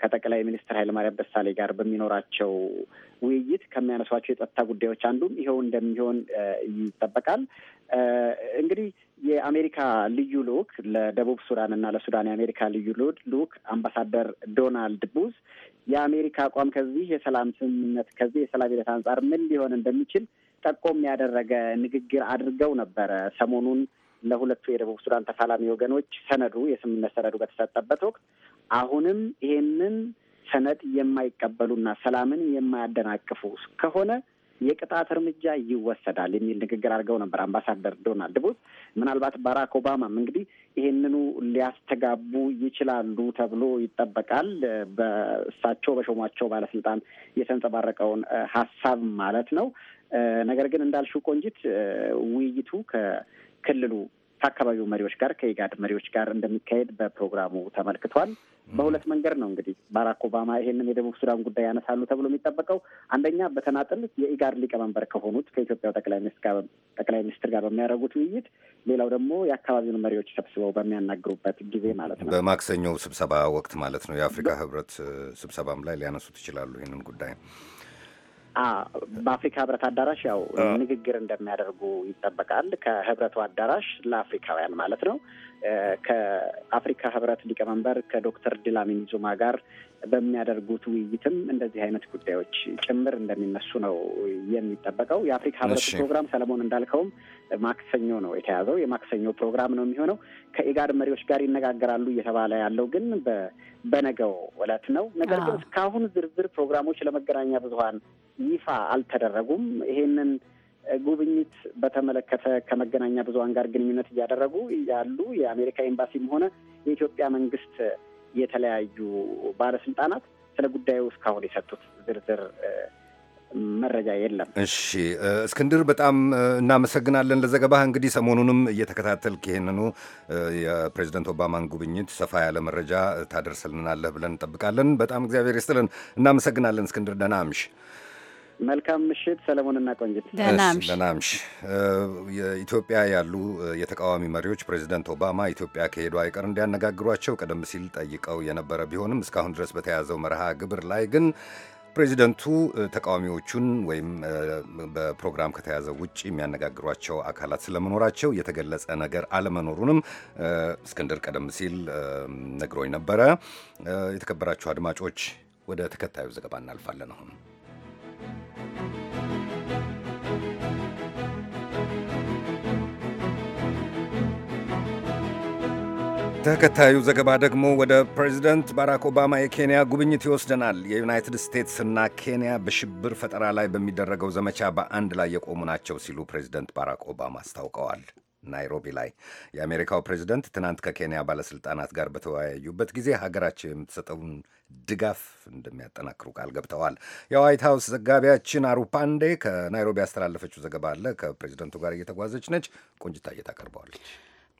ከጠቅላይ ሚኒስትር ኃይለማርያም ደሳለኝ ጋር በሚኖራቸው ውይይት ከሚያነሷቸው የጸጥታ ጉዳዮች አንዱም ይኸው እንደሚሆን ይጠበቃል። እንግዲህ የአሜሪካ ልዩ ልኡክ ለደቡብ ሱዳን እና ለሱዳን የአሜሪካ ልዩ ልኡክ አምባሳደር ዶናልድ ቡዝ የአሜሪካ አቋም ከዚህ የሰላም ስምምነት ከዚህ የሰላም ሂደት አንጻር ምን ሊሆን እንደሚችል ጠቆም ያደረገ ንግግር አድርገው ነበረ ሰሞኑን ለሁለቱ የደቡብ ሱዳን ተፋላሚ ወገኖች ሰነዱ የስምምነት ሰነዱ በተሰጠበት ወቅት አሁንም ይሄንን ሰነድ የማይቀበሉና ሰላምን የማያደናቅፉ ከሆነ የቅጣት እርምጃ ይወሰዳል የሚል ንግግር አድርገው ነበር አምባሳደር ዶናልድ ቡት። ምናልባት ባራክ ኦባማም እንግዲህ ይህንኑ ሊያስተጋቡ ይችላሉ ተብሎ ይጠበቃል። በእሳቸው በሾሟቸው ባለስልጣን የተንጸባረቀውን ሀሳብ ማለት ነው። ነገር ግን እንዳልሽው ቆንጂት ውይይቱ ከ ከክልሉ ከአካባቢው መሪዎች ጋር ከኢጋድ መሪዎች ጋር እንደሚካሄድ በፕሮግራሙ ተመልክቷል። በሁለት መንገድ ነው እንግዲህ ባራክ ኦባማ ይሄንን የደቡብ ሱዳን ጉዳይ ያነሳሉ ተብሎ የሚጠበቀው አንደኛ በተናጥል የኢጋድ ሊቀመንበር ከሆኑት ከኢትዮጵያው ጠቅላይ ሚኒስትር ጋር በሚያደርጉት ውይይት፣ ሌላው ደግሞ የአካባቢውን መሪዎች ሰብስበው በሚያናግሩበት ጊዜ ማለት ነው። በማክሰኞው ስብሰባ ወቅት ማለት ነው። የአፍሪካ ህብረት ስብሰባም ላይ ሊያነሱት ይችላሉ ይህንን ጉዳይ በአፍሪካ ህብረት አዳራሽ ያው ንግግር እንደሚያደርጉ ይጠበቃል። ከህብረቱ አዳራሽ ለአፍሪካውያን ማለት ነው። ከአፍሪካ ህብረት ሊቀመንበር ከዶክተር ድላሚኒ ዙማ ጋር በሚያደርጉት ውይይትም እንደዚህ አይነት ጉዳዮች ጭምር እንደሚነሱ ነው የሚጠበቀው። የአፍሪካ ህብረቱ ፕሮግራም ሰለሞን እንዳልከውም ማክሰኞ ነው የተያዘው። የማክሰኞ ፕሮግራም ነው የሚሆነው። ከኢጋድ መሪዎች ጋር ይነጋገራሉ እየተባለ ያለው ግን በነገው እለት ነው። ነገር ግን እስካሁን ዝርዝር ፕሮግራሞች ለመገናኛ ብዙሀን ይፋ አልተደረጉም። ይሄንን ጉብኝት በተመለከተ ከመገናኛ ብዙሀን ጋር ግንኙነት እያደረጉ ያሉ የአሜሪካ ኤምባሲም ሆነ የኢትዮጵያ መንግስት የተለያዩ ባለስልጣናት ስለ ጉዳዩ እስካሁን የሰጡት ዝርዝር መረጃ የለም። እሺ እስክንድር በጣም እናመሰግናለን ለዘገባህ። እንግዲህ ሰሞኑንም እየተከታተልክ ይህንኑ የፕሬዚደንት ኦባማን ጉብኝት ሰፋ ያለ መረጃ ታደርስልናለህ ብለን እንጠብቃለን። በጣም እግዚአብሔር ይስጥልን። እናመሰግናለን እስክንድር። ደህና አምሽ። መልካም ምሽት ሰለሞንና ቆንጅት። ደህና የኢትዮጵያ ያሉ የተቃዋሚ መሪዎች ፕሬዚደንት ኦባማ ኢትዮጵያ ከሄዱ አይቀር እንዲያነጋግሯቸው ቀደም ሲል ጠይቀው የነበረ ቢሆንም እስካሁን ድረስ በተያዘው መርሃ ግብር ላይ ግን ፕሬዚደንቱ ተቃዋሚዎቹን ወይም በፕሮግራም ከተያዘው ውጭ የሚያነጋግሯቸው አካላት ስለመኖራቸው የተገለጸ ነገር አለመኖሩንም እስክንድር ቀደም ሲል ነግሮኝ ነበረ። የተከበራችሁ አድማጮች ወደ ተከታዩ ዘገባ እናልፋለን አሁን ተከታዩ ዘገባ ደግሞ ወደ ፕሬዚደንት ባራክ ኦባማ የኬንያ ጉብኝት ይወስደናል። የዩናይትድ ስቴትስ እና ኬንያ በሽብር ፈጠራ ላይ በሚደረገው ዘመቻ በአንድ ላይ የቆሙ ናቸው ሲሉ ፕሬዚደንት ባራክ ኦባማ አስታውቀዋል። ናይሮቢ ላይ የአሜሪካው ፕሬዚደንት ትናንት ከኬንያ ባለስልጣናት ጋር በተወያዩበት ጊዜ ሀገራቸው የምትሰጠውን ድጋፍ እንደሚያጠናክሩ ቃል ገብተዋል። የዋይት ሀውስ ዘጋቢያችን አሩፓንዴ ከናይሮቢ ያስተላለፈችው ዘገባ አለ። ከፕሬዚደንቱ ጋር እየተጓዘች ነች። ቆንጅታ እየታቀርበዋለች።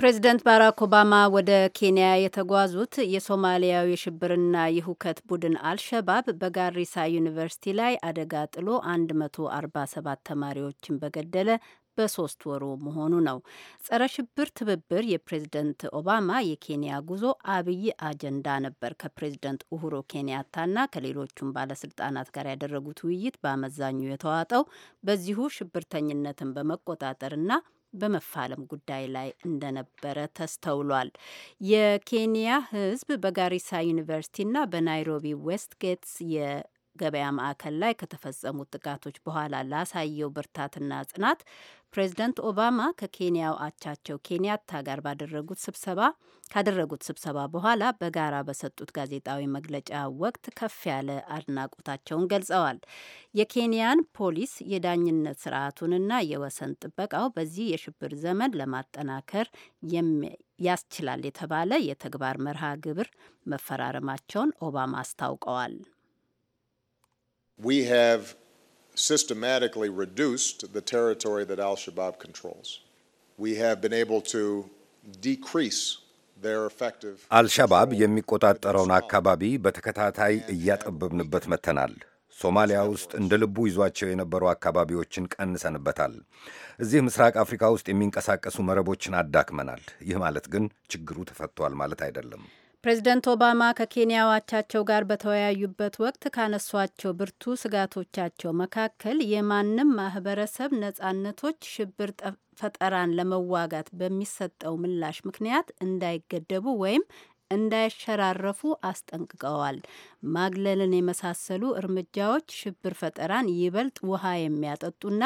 ፕሬዚደንት ባራክ ኦባማ ወደ ኬንያ የተጓዙት የሶማሊያው የሽብርና የሁከት ቡድን አልሸባብ በጋሪሳ ዩኒቨርሲቲ ላይ አደጋ ጥሎ 147 ተማሪዎችን በገደለ በሶስት ወሩ መሆኑ ነው። ጸረ ሽብር ትብብር የፕሬዝደንት ኦባማ የኬንያ ጉዞ አብይ አጀንዳ ነበር። ከፕሬዝደንት ኡሁሩ ኬንያታና ከሌሎቹም ባለስልጣናት ጋር ያደረጉት ውይይት በአመዛኙ የተዋጠው በዚሁ ሽብርተኝነትን በመቆጣጠርና በመፋለም ጉዳይ ላይ እንደነበረ ተስተውሏል። የኬንያ ሕዝብ በጋሪሳ ዩኒቨርሲቲና በናይሮቢ ዌስትጌትስ ገበያ ማዕከል ላይ ከተፈጸሙት ጥቃቶች በኋላ ላሳየው ብርታትና ጽናት ፕሬዚደንት ኦባማ ከኬንያው አቻቸው ኬንያታ ጋር ባደረጉት ስብሰባ ካደረጉት ስብሰባ በኋላ በጋራ በሰጡት ጋዜጣዊ መግለጫ ወቅት ከፍ ያለ አድናቆታቸውን ገልጸዋል። የኬንያን ፖሊስ የዳኝነት ስርዓቱንና የወሰን ጥበቃው በዚህ የሽብር ዘመን ለማጠናከር ያስችላል የተባለ የተግባር መርሃ ግብር መፈራረማቸውን ኦባማ አስታውቀዋል። we have systematically reduced the territory that al-Shabaab controls. We have been able to decrease አልሻባብ የሚቆጣጠረውን አካባቢ በተከታታይ እያጠበብንበት መተናል። ሶማሊያ ውስጥ እንደ ልቡ ይዟቸው የነበሩ አካባቢዎችን ቀንሰንበታል። እዚህ ምስራቅ አፍሪካ ውስጥ የሚንቀሳቀሱ መረቦችን አዳክመናል። ይህ ማለት ግን ችግሩ ተፈቷል ማለት አይደለም። ፕሬዚደንት ኦባማ ከኬንያ አቻቸው ጋር በተወያዩበት ወቅት ካነሷቸው ብርቱ ስጋቶቻቸው መካከል የማንም ማህበረሰብ ነጻነቶች ሽብር ፈጠራን ለመዋጋት በሚሰጠው ምላሽ ምክንያት እንዳይገደቡ ወይም እንዳይሸራረፉ አስጠንቅቀዋል። ማግለልን የመሳሰሉ እርምጃዎች ሽብር ፈጠራን ይበልጥ ውሃ የሚያጠጡና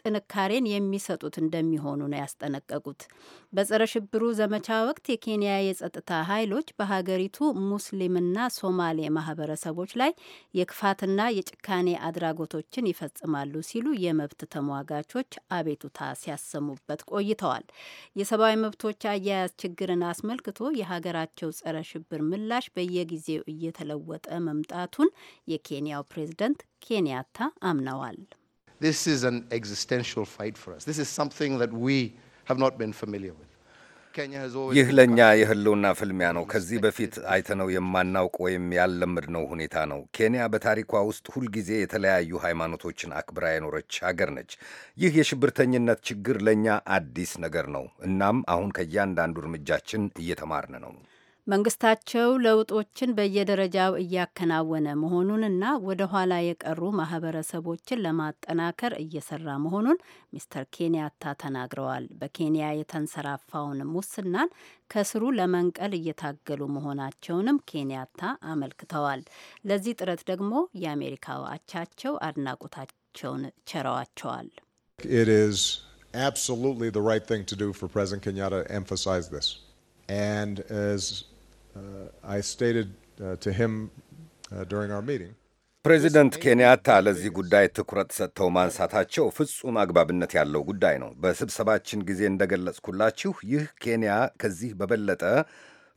ጥንካሬን የሚሰጡት እንደሚሆኑ ነው ያስጠነቀቁት። በጸረ ሽብሩ ዘመቻ ወቅት የኬንያ የጸጥታ ኃይሎች በሀገሪቱ ሙስሊምና ሶማሌ ማህበረሰቦች ላይ የክፋትና የጭካኔ አድራጎቶችን ይፈጽማሉ ሲሉ የመብት ተሟጋቾች አቤቱታ ሲያሰሙበት ቆይተዋል። የሰብአዊ መብቶች አያያዝ ችግርን አስመልክቶ የሀገራቸው ጸረ ሽብር ምላሽ በየጊዜው እየተለወጠ መምጣቱን የኬንያው ፕሬዝደንት ኬንያታ አምነዋል። This is an existential fight for us. This is something that we ይህ ለእኛ የህልውና ፍልሚያ ነው። ከዚህ በፊት አይተነው የማናውቅ ወይም ያልለመድነው ሁኔታ ነው። ኬንያ በታሪኳ ውስጥ ሁልጊዜ የተለያዩ ሃይማኖቶችን አክብራ የኖረች ሀገር ነች። ይህ የሽብርተኝነት ችግር ለእኛ አዲስ ነገር ነው። እናም አሁን ከእያንዳንዱ እርምጃችን እየተማርን ነው። መንግስታቸው ለውጦችን በየደረጃው እያከናወነ መሆኑንና ወደ ኋላ የቀሩ ማህበረሰቦችን ለማጠናከር እየሰራ መሆኑን ሚስተር ኬንያታ ተናግረዋል። በኬንያ የተንሰራፋውን ሙስናን ከስሩ ለመንቀል እየታገሉ መሆናቸውንም ኬንያታ አመልክተዋል። ለዚህ ጥረት ደግሞ የአሜሪካው አቻቸው አድናቆታቸውን ቸረዋቸዋል። Absolutely the right thing to do for President Kenyatta to emphasize this. And as Uh, I stated uh, to him uh, ፕሬዚደንት ኬንያታ ለዚህ ጉዳይ ትኩረት ሰጥተው ማንሳታቸው ፍጹም አግባብነት ያለው ጉዳይ ነው። በስብሰባችን ጊዜ እንደገለጽኩላችሁ ይህ ኬንያ ከዚህ በበለጠ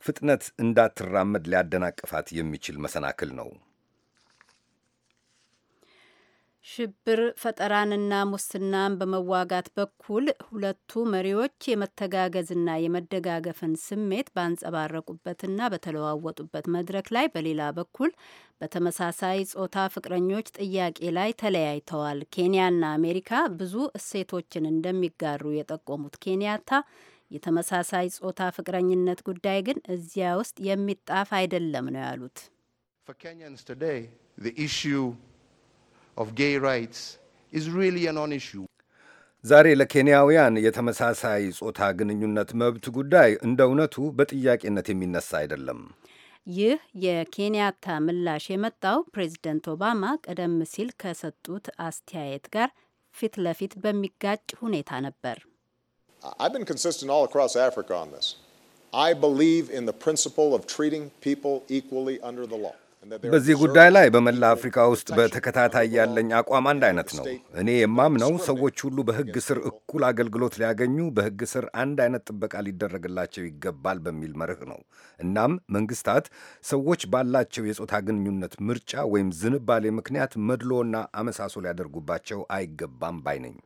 ፍጥነት እንዳትራመድ ሊያደናቅፋት የሚችል መሰናክል ነው። ሽብር ፈጠራንና ሙስናን በመዋጋት በኩል ሁለቱ መሪዎች የመተጋገዝና የመደጋገፍን ስሜት ባንጸባረቁበትና በተለዋወጡበት መድረክ ላይ በሌላ በኩል በተመሳሳይ ጾታ ፍቅረኞች ጥያቄ ላይ ተለያይተዋል። ኬንያና አሜሪካ ብዙ እሴቶችን እንደሚጋሩ የጠቆሙት ኬንያታ የተመሳሳይ ጾታ ፍቅረኝነት ጉዳይ ግን እዚያ ውስጥ የሚጣፍ አይደለም ነው ያሉት። of gay rights is really a non-issue. ዛሬ ለኬንያውያን የተመሳሳይ ጾታ ግንኙነት መብት ጉዳይ እንደ እውነቱ በጥያቄነት የሚነሳ አይደለም። ይህ የኬንያታ ምላሽ የመጣው ፕሬዚደንት ኦባማ ቀደም ሲል ከሰጡት አስተያየት ጋር ፊት ለፊት በሚጋጭ ሁኔታ ነበር። በዚህ ጉዳይ ላይ በመላ አፍሪካ ውስጥ በተከታታይ ያለኝ አቋም አንድ አይነት ነው። እኔ የማምነው ሰዎች ሁሉ በሕግ ስር እኩል አገልግሎት ሊያገኙ በሕግ ስር አንድ አይነት ጥበቃ ሊደረግላቸው ይገባል በሚል መርህ ነው። እናም መንግስታት ሰዎች ባላቸው የጾታ ግንኙነት ምርጫ ወይም ዝንባሌ ምክንያት መድሎና አመሳሶ ሊያደርጉባቸው አይገባም ባይ ነኝ።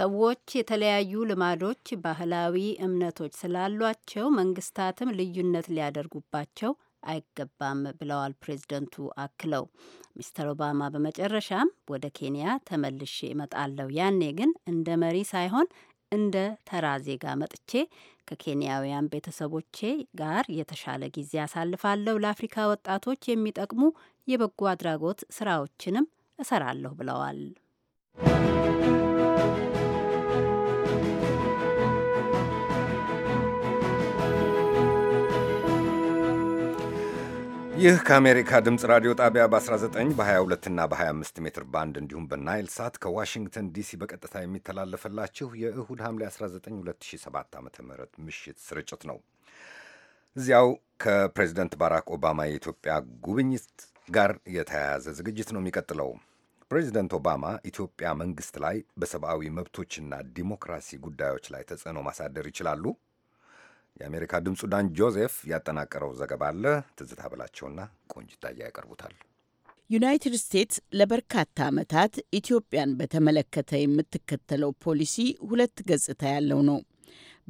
ሰዎች የተለያዩ ልማዶች፣ ባህላዊ እምነቶች ስላሏቸው መንግስታትም ልዩነት ሊያደርጉባቸው አይገባም ብለዋል ፕሬዝደንቱ አክለው። ሚስተር ኦባማ በመጨረሻም ወደ ኬንያ ተመልሼ እመጣለሁ፣ ያኔ ግን እንደ መሪ ሳይሆን እንደ ተራ ዜጋ መጥቼ ከኬንያውያን ቤተሰቦቼ ጋር የተሻለ ጊዜ አሳልፋለሁ፣ ለአፍሪካ ወጣቶች የሚጠቅሙ የበጎ አድራጎት ስራዎችንም እሰራለሁ ብለዋል። ይህ ከአሜሪካ ድምፅ ራዲዮ ጣቢያ በ19 በ22 እና በ25 ሜትር ባንድ እንዲሁም በናይል ሳት ከዋሽንግተን ዲሲ በቀጥታ የሚተላለፈላችሁ የእሁድ ሐምሌ 19 2007 ዓ ም ምሽት ስርጭት ነው። እዚያው ከፕሬዚደንት ባራክ ኦባማ የኢትዮጵያ ጉብኝት ጋር የተያያዘ ዝግጅት ነው የሚቀጥለው። ፕሬዚደንት ኦባማ ኢትዮጵያ መንግሥት ላይ በሰብአዊ መብቶችና ዲሞክራሲ ጉዳዮች ላይ ተጽዕኖ ማሳደር ይችላሉ የአሜሪካ ድምፁ ዳን ጆዜፍ ያጠናቀረው ዘገባ አለ። ትዝታ ብላቸውና ቆንጅታያ ያቀርቡታል። ዩናይትድ ስቴትስ ለበርካታ ዓመታት ኢትዮጵያን በተመለከተ የምትከተለው ፖሊሲ ሁለት ገጽታ ያለው ነው።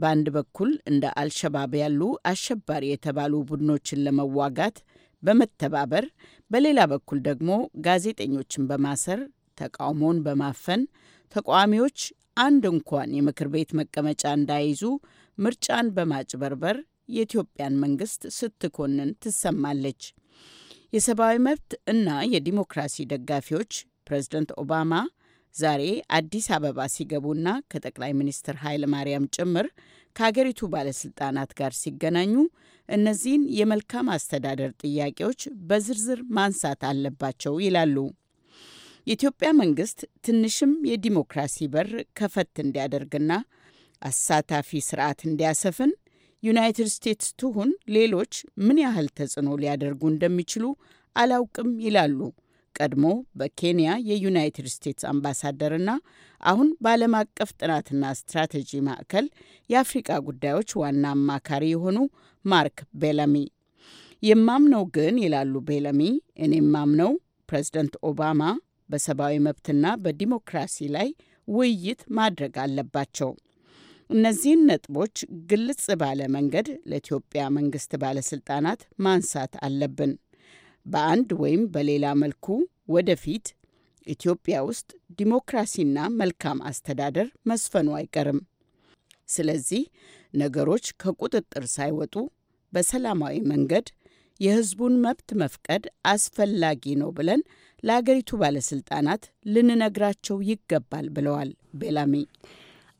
በአንድ በኩል እንደ አልሸባብ ያሉ አሸባሪ የተባሉ ቡድኖችን ለመዋጋት በመተባበር በሌላ በኩል ደግሞ ጋዜጠኞችን በማሰር ተቃውሞን በማፈን ተቃዋሚዎች አንድ እንኳን የምክር ቤት መቀመጫ እንዳይዙ ምርጫን በማጭበርበር የኢትዮጵያን መንግስት ስትኮንን ትሰማለች። የሰብአዊ መብት እና የዲሞክራሲ ደጋፊዎች ፕሬዝደንት ኦባማ ዛሬ አዲስ አበባ ሲገቡና ከጠቅላይ ሚኒስትር ኃይለ ማርያም ጭምር ከሀገሪቱ ባለስልጣናት ጋር ሲገናኙ እነዚህን የመልካም አስተዳደር ጥያቄዎች በዝርዝር ማንሳት አለባቸው ይላሉ። የኢትዮጵያ መንግስት ትንሽም የዲሞክራሲ በር ከፈት እንዲያደርግና አሳታፊ ስርዓት እንዲያሰፍን ዩናይትድ ስቴትስ ትሁን ሌሎች ምን ያህል ተጽዕኖ ሊያደርጉ እንደሚችሉ አላውቅም ይላሉ ቀድሞ በኬንያ የዩናይትድ ስቴትስ አምባሳደርና አሁን በዓለም አቀፍ ጥናትና ስትራቴጂ ማዕከል የአፍሪቃ ጉዳዮች ዋና አማካሪ የሆኑ ማርክ ቤለሚ። የማምነው ግን ይላሉ ቤለሚ፣ እኔም ማምነው ፕሬዝደንት ኦባማ በሰብአዊ መብትና በዲሞክራሲ ላይ ውይይት ማድረግ አለባቸው። እነዚህን ነጥቦች ግልጽ ባለ መንገድ ለኢትዮጵያ መንግስት ባለስልጣናት ማንሳት አለብን። በአንድ ወይም በሌላ መልኩ ወደፊት ኢትዮጵያ ውስጥ ዲሞክራሲና መልካም አስተዳደር መስፈኑ አይቀርም። ስለዚህ ነገሮች ከቁጥጥር ሳይወጡ በሰላማዊ መንገድ የህዝቡን መብት መፍቀድ አስፈላጊ ነው ብለን ለአገሪቱ ባለስልጣናት ልንነግራቸው ይገባል ብለዋል ቤላሚ።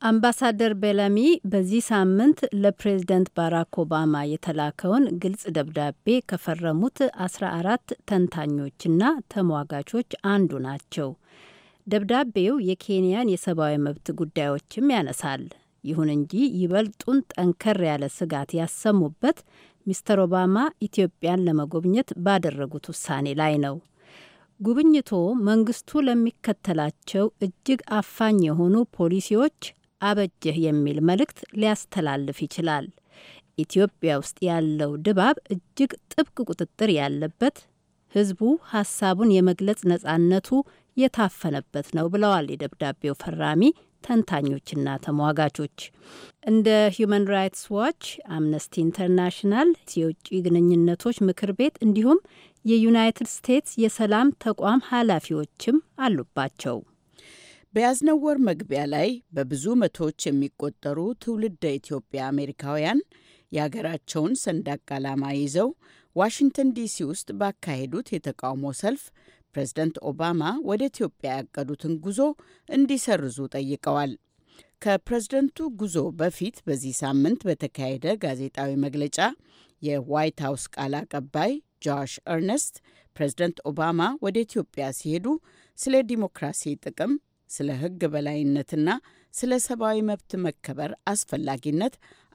አምባሳደር ቤላሚ በዚህ ሳምንት ለፕሬዝደንት ባራክ ኦባማ የተላከውን ግልጽ ደብዳቤ ከፈረሙት 14 ተንታኞችና ተሟጋቾች አንዱ ናቸው። ደብዳቤው የኬንያን የሰብአዊ መብት ጉዳዮችም ያነሳል። ይሁን እንጂ ይበልጡን ጠንከር ያለ ስጋት ያሰሙበት ሚስተር ኦባማ ኢትዮጵያን ለመጎብኘት ባደረጉት ውሳኔ ላይ ነው። ጉብኝቶ መንግስቱ ለሚከተላቸው እጅግ አፋኝ የሆኑ ፖሊሲዎች አበጀህ የሚል መልእክት ሊያስተላልፍ ይችላል። ኢትዮጵያ ውስጥ ያለው ድባብ እጅግ ጥብቅ ቁጥጥር ያለበት፣ ህዝቡ ሀሳቡን የመግለጽ ነጻነቱ የታፈነበት ነው ብለዋል የደብዳቤው ፈራሚ ተንታኞችና ተሟጋቾች። እንደ ሂዩማን ራይትስ ዋች፣ አምነስቲ ኢንተርናሽናል፣ የውጭ ግንኙነቶች ምክር ቤት እንዲሁም የዩናይትድ ስቴትስ የሰላም ተቋም ኃላፊዎችም አሉባቸው። በያዝነው ወር መግቢያ ላይ በብዙ መቶዎች የሚቆጠሩ ትውልደ ኢትዮጵያ አሜሪካውያን የሀገራቸውን ሰንደቅ ዓላማ ይዘው ዋሽንግተን ዲሲ ውስጥ ባካሄዱት የተቃውሞ ሰልፍ ፕሬዝደንት ኦባማ ወደ ኢትዮጵያ ያቀዱትን ጉዞ እንዲሰርዙ ጠይቀዋል። ከፕሬዝደንቱ ጉዞ በፊት በዚህ ሳምንት በተካሄደ ጋዜጣዊ መግለጫ የዋይት ሀውስ ቃል አቀባይ ጆሽ እርነስት ፕሬዝደንት ኦባማ ወደ ኢትዮጵያ ሲሄዱ ስለ ዲሞክራሲ ጥቅም ስለ ሕግ በላይነትና ስለ ሰብአዊ መብት መከበር አስፈላጊነት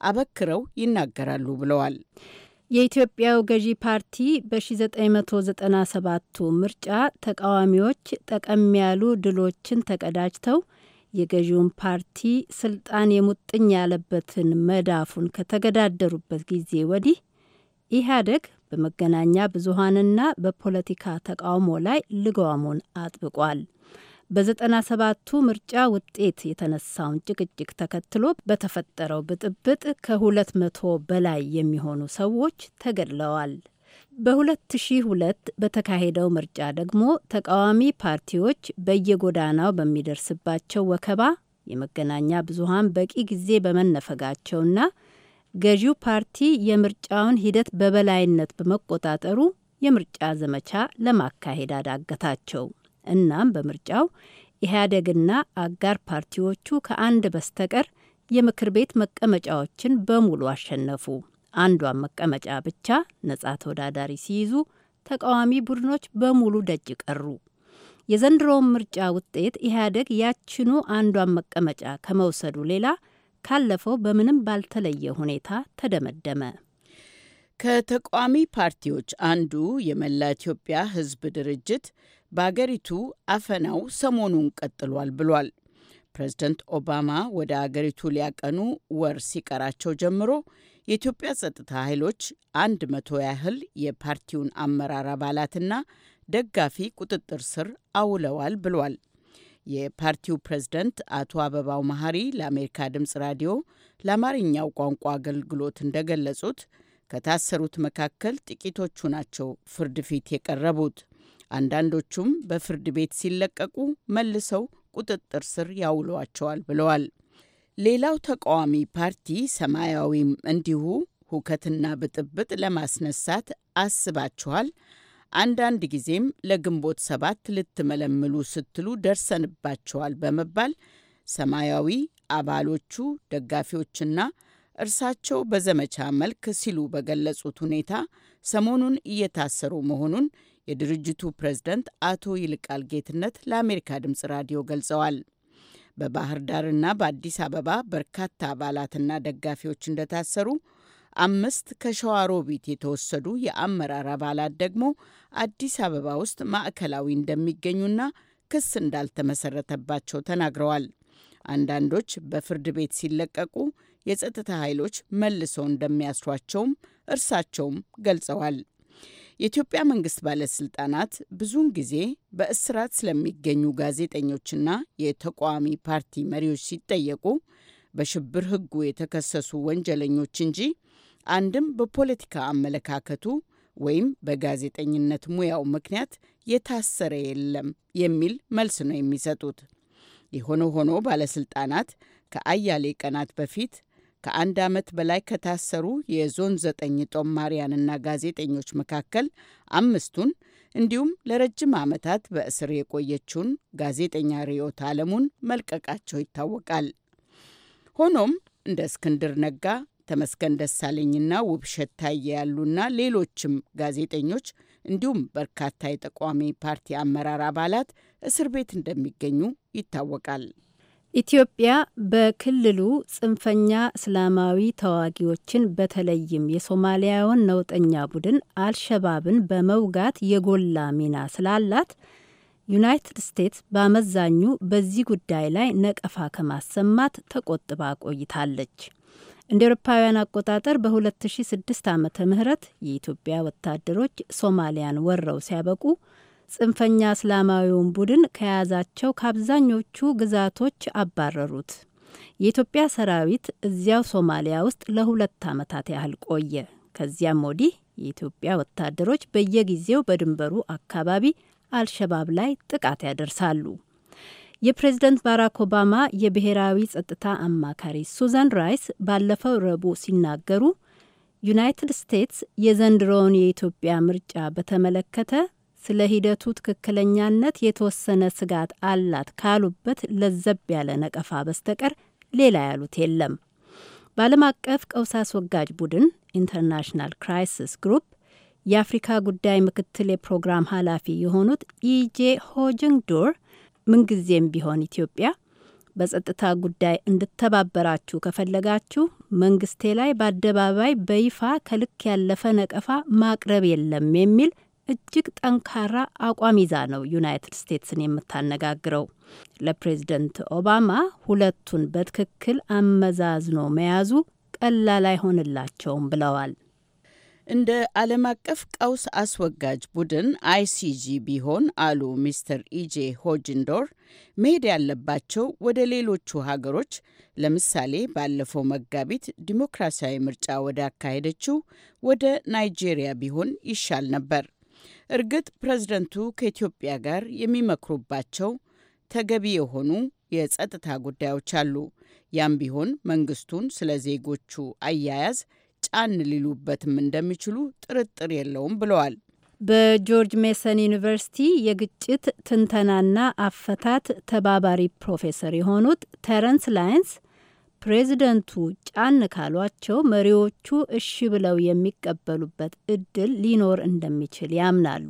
አበክረው ይናገራሉ ብለዋል። የኢትዮጵያው ገዢ ፓርቲ በ1997ቱ ምርጫ ተቃዋሚዎች ጠቀም ያሉ ድሎችን ተቀዳጅተው የገዢውን ፓርቲ ስልጣን የሙጥኝ ያለበትን መዳፉን ከተገዳደሩበት ጊዜ ወዲህ ኢህአዴግ በመገናኛ ብዙሀንና በፖለቲካ ተቃውሞ ላይ ልጓሙን አጥብቋል። በዘጠና ሰባቱ ቱ ምርጫ ውጤት የተነሳውን ጭቅጭቅ ተከትሎ በተፈጠረው ብጥብጥ ከ መቶ በላይ የሚሆኑ ሰዎች ተገድለዋል። በ2002 በተካሄደው ምርጫ ደግሞ ተቃዋሚ ፓርቲዎች በየጎዳናው በሚደርስባቸው ወከባ የመገናኛ ብዙሃን በቂ ጊዜ በመነፈጋቸውና ገዢው ፓርቲ የምርጫውን ሂደት በበላይነት በመቆጣጠሩ የምርጫ ዘመቻ ለማካሄድ አዳገታቸው። እናም በምርጫው ኢህአዴግና አጋር ፓርቲዎቹ ከአንድ በስተቀር የምክር ቤት መቀመጫዎችን በሙሉ አሸነፉ። አንዷን መቀመጫ ብቻ ነጻ ተወዳዳሪ ሲይዙ ተቃዋሚ ቡድኖች በሙሉ ደጅ ቀሩ። የዘንድሮውን ምርጫ ውጤት ኢህአዴግ ያችኑ አንዷን መቀመጫ ከመውሰዱ ሌላ ካለፈው በምንም ባልተለየ ሁኔታ ተደመደመ። ከተቃዋሚ ፓርቲዎች አንዱ የመላ ኢትዮጵያ ሕዝብ ድርጅት በአገሪቱ አፈናው ሰሞኑን ቀጥሏል ብሏል። ፕሬዝደንት ኦባማ ወደ አገሪቱ ሊያቀኑ ወር ሲቀራቸው ጀምሮ የኢትዮጵያ ጸጥታ ኃይሎች አንድ መቶ ያህል የፓርቲውን አመራር አባላትና ደጋፊ ቁጥጥር ስር አውለዋል ብሏል። የፓርቲው ፕሬዝደንት አቶ አበባው መሐሪ ለአሜሪካ ድምፅ ራዲዮ ለአማርኛው ቋንቋ አገልግሎት እንደገለጹት ከታሰሩት መካከል ጥቂቶቹ ናቸው ፍርድ ፊት የቀረቡት። አንዳንዶቹም በፍርድ ቤት ሲለቀቁ መልሰው ቁጥጥር ስር ያውሏቸዋል ብለዋል። ሌላው ተቃዋሚ ፓርቲ ሰማያዊም እንዲሁ ሁከትና ብጥብጥ ለማስነሳት አስባችኋል፣ አንዳንድ ጊዜም ለግንቦት ሰባት ልትመለምሉ ስትሉ ደርሰንባቸዋል በመባል ሰማያዊ አባሎቹ፣ ደጋፊዎችና እርሳቸው በዘመቻ መልክ ሲሉ በገለጹት ሁኔታ ሰሞኑን እየታሰሩ መሆኑን የድርጅቱ ፕሬዝደንት አቶ ይልቃል ጌትነት ለአሜሪካ ድምፅ ራዲዮ ገልጸዋል። በባህር ዳርና በአዲስ አበባ በርካታ አባላትና ደጋፊዎች እንደታሰሩ፣ አምስት ከሸዋሮቢት የተወሰዱ የአመራር አባላት ደግሞ አዲስ አበባ ውስጥ ማዕከላዊ እንደሚገኙና ክስ እንዳልተመሰረተባቸው ተናግረዋል። አንዳንዶች በፍርድ ቤት ሲለቀቁ የጸጥታ ኃይሎች መልሰው እንደሚያስሯቸውም እርሳቸውም ገልጸዋል። የኢትዮጵያ መንግስት ባለስልጣናት ብዙውን ጊዜ በእስራት ስለሚገኙ ጋዜጠኞችና የተቃዋሚ ፓርቲ መሪዎች ሲጠየቁ በሽብር ህጉ የተከሰሱ ወንጀለኞች እንጂ አንድም በፖለቲካ አመለካከቱ ወይም በጋዜጠኝነት ሙያው ምክንያት የታሰረ የለም የሚል መልስ ነው የሚሰጡት። የሆነ ሆኖ ባለስልጣናት ከአያሌ ቀናት በፊት ከአንድ ዓመት በላይ ከታሰሩ የዞን ዘጠኝ ጦማሪያንና ጋዜጠኞች መካከል አምስቱን እንዲሁም ለረጅም ዓመታት በእስር የቆየችውን ጋዜጠኛ ርዕዮት ዓለሙን መልቀቃቸው ይታወቃል። ሆኖም እንደ እስክንድር ነጋ፣ ተመስገን ደሳለኝና ውብሸት ታዬ ያሉና ሌሎችም ጋዜጠኞች እንዲሁም በርካታ የተቃዋሚ ፓርቲ አመራር አባላት እስር ቤት እንደሚገኙ ይታወቃል። ኢትዮጵያ በክልሉ ጽንፈኛ እስላማዊ ተዋጊዎችን በተለይም የሶማሊያውን ነውጠኛ ቡድን አልሸባብን በመውጋት የጎላ ሚና ስላላት ዩናይትድ ስቴትስ በአመዛኙ በዚህ ጉዳይ ላይ ነቀፋ ከማሰማት ተቆጥባ ቆይታለች። እንደ ኤሮፓውያን አቆጣጠር በ2006 ዓ ም የኢትዮጵያ ወታደሮች ሶማሊያን ወረው ሲያበቁ ጽንፈኛ እስላማዊውን ቡድን ከያዛቸው ከአብዛኞቹ ግዛቶች አባረሩት። የኢትዮጵያ ሰራዊት እዚያው ሶማሊያ ውስጥ ለሁለት ዓመታት ያህል ቆየ። ከዚያም ወዲህ የኢትዮጵያ ወታደሮች በየጊዜው በድንበሩ አካባቢ አልሸባብ ላይ ጥቃት ያደርሳሉ። የፕሬዝደንት ባራክ ኦባማ የብሔራዊ ጸጥታ አማካሪ ሱዛን ራይስ ባለፈው ረቡዕ ሲናገሩ ዩናይትድ ስቴትስ የዘንድሮውን የኢትዮጵያ ምርጫ በተመለከተ ስለ ሂደቱ ትክክለኛነት የተወሰነ ስጋት አላት ካሉበት ለዘብ ያለ ነቀፋ በስተቀር ሌላ ያሉት የለም። በዓለም አቀፍ ቀውስ አስወጋጅ ቡድን ኢንተርናሽናል ክራይሲስ ግሩፕ የአፍሪካ ጉዳይ ምክትል የፕሮግራም ኃላፊ የሆኑት ኢጄ ሆጅንግ ዶር ምንጊዜም ቢሆን ኢትዮጵያ በጸጥታ ጉዳይ እንድተባበራችሁ ከፈለጋችሁ መንግስቴ ላይ በአደባባይ በይፋ ከልክ ያለፈ ነቀፋ ማቅረብ የለም የሚል እጅግ ጠንካራ አቋም ይዛ ነው ዩናይትድ ስቴትስን የምታነጋግረው። ለፕሬዝደንት ኦባማ ሁለቱን በትክክል አመዛዝኖ መያዙ ቀላል አይሆንላቸውም ብለዋል። እንደ ዓለም አቀፍ ቀውስ አስወጋጅ ቡድን አይሲጂ ቢሆን አሉ ሚስተር ኢጄ ሆጅንዶር፣ መሄድ ያለባቸው ወደ ሌሎቹ ሀገሮች ለምሳሌ ባለፈው መጋቢት ዲሞክራሲያዊ ምርጫ ወደ አካሄደችው ወደ ናይጄሪያ ቢሆን ይሻል ነበር። እርግጥ ፕሬዝደንቱ ከኢትዮጵያ ጋር የሚመክሩባቸው ተገቢ የሆኑ የጸጥታ ጉዳዮች አሉ። ያም ቢሆን መንግስቱን ስለ ዜጎቹ አያያዝ ጫን ሊሉበትም እንደሚችሉ ጥርጥር የለውም ብለዋል። በጆርጅ ሜሰን ዩኒቨርሲቲ የግጭት ትንተናና አፈታት ተባባሪ ፕሮፌሰር የሆኑት ተረንስ ላይንስ ፕሬዚደንቱ ጫን ካሏቸው መሪዎቹ እሺ ብለው የሚቀበሉበት እድል ሊኖር እንደሚችል ያምናሉ።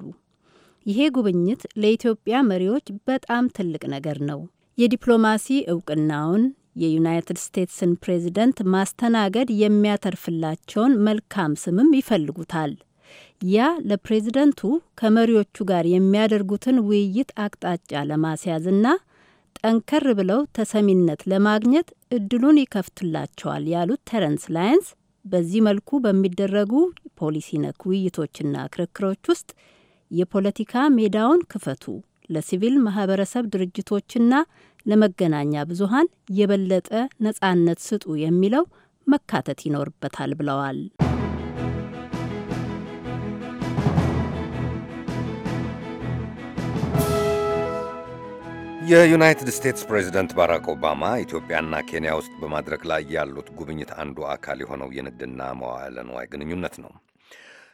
ይሄ ጉብኝት ለኢትዮጵያ መሪዎች በጣም ትልቅ ነገር ነው። የዲፕሎማሲ እውቅናውን የዩናይትድ ስቴትስን ፕሬዚደንት ማስተናገድ የሚያተርፍላቸውን መልካም ስምም ይፈልጉታል። ያ ለፕሬዝደንቱ ከመሪዎቹ ጋር የሚያደርጉትን ውይይት አቅጣጫ ለማስያዝና ጠንከር ብለው ተሰሚነት ለማግኘት እድሉን ይከፍትላቸዋል ያሉት ተረንስ ላይንስ በዚህ መልኩ በሚደረጉ ፖሊሲ ነክ ውይይቶችና ክርክሮች ውስጥ የፖለቲካ ሜዳውን ክፈቱ፣ ለሲቪል ማህበረሰብ ድርጅቶችና ለመገናኛ ብዙሃን የበለጠ ነጻነት ስጡ የሚለው መካተት ይኖርበታል ብለዋል። የዩናይትድ ስቴትስ ፕሬዚደንት ባራክ ኦባማ ኢትዮጵያና ኬንያ ውስጥ በማድረግ ላይ ያሉት ጉብኝት አንዱ አካል የሆነው የንግድና መዋዕለ ንዋይ ግንኙነት ነው።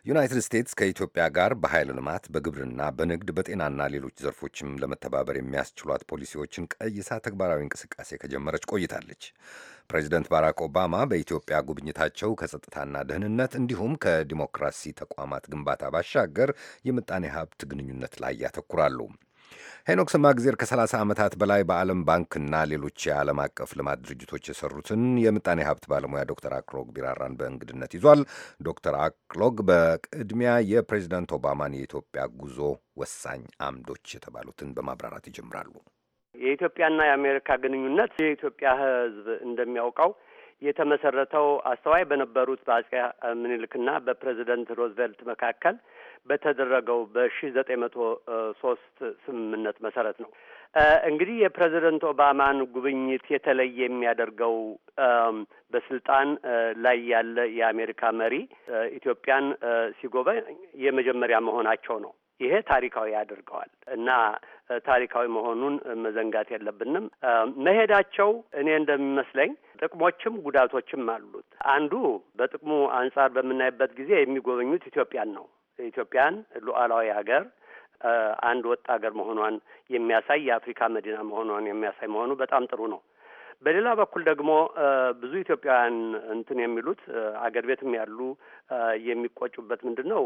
ዩናይትድ ስቴትስ ከኢትዮጵያ ጋር በኃይል ልማት፣ በግብርና፣ በንግድ፣ በጤናና ሌሎች ዘርፎችም ለመተባበር የሚያስችሏት ፖሊሲዎችን ቀይሳ ተግባራዊ እንቅስቃሴ ከጀመረች ቆይታለች። ፕሬዚደንት ባራክ ኦባማ በኢትዮጵያ ጉብኝታቸው ከጸጥታና ደህንነት እንዲሁም ከዲሞክራሲ ተቋማት ግንባታ ባሻገር የምጣኔ ሀብት ግንኙነት ላይ ያተኩራሉ። ሄኖክ ሰማግዜር ከ30 ዓመታት በላይ በዓለም ባንክና ሌሎች የዓለም አቀፍ ልማት ድርጅቶች የሰሩትን የምጣኔ ሀብት ባለሙያ ዶክተር አክሎግ ቢራራን በእንግድነት ይዟል። ዶክተር አክሎግ በቅድሚያ የፕሬዚዳንት ኦባማን የኢትዮጵያ ጉዞ ወሳኝ አምዶች የተባሉትን በማብራራት ይጀምራሉ። የኢትዮጵያና የአሜሪካ ግንኙነት የኢትዮጵያ ሕዝብ እንደሚያውቀው የተመሰረተው አስተዋይ በነበሩት በአጼ ምኒልክና በፕሬዚደንት ሮዝቬልት መካከል በተደረገው በሺ ዘጠኝ መቶ ሶስት ስምምነት መሰረት ነው። እንግዲህ የፕሬዚደንት ኦባማን ጉብኝት የተለየ የሚያደርገው በስልጣን ላይ ያለ የአሜሪካ መሪ ኢትዮጵያን ሲጎበኝ የመጀመሪያ መሆናቸው ነው። ይሄ ታሪካዊ ያደርገዋል እና ታሪካዊ መሆኑን መዘንጋት የለብንም። መሄዳቸው እኔ እንደሚመስለኝ ጥቅሞችም ጉዳቶችም አሉት። አንዱ በጥቅሙ አንጻር በምናይበት ጊዜ የሚጎበኙት ኢትዮጵያን ነው። ኢትዮጵያን ሉዓላዊ ሀገር አንድ ወጥ ሀገር መሆኗን የሚያሳይ የአፍሪካ መዲና መሆኗን የሚያሳይ መሆኑ በጣም ጥሩ ነው። በሌላ በኩል ደግሞ ብዙ ኢትዮጵያውያን እንትን የሚሉት አገር ቤትም ያሉ የሚቆጩበት ምንድን ነው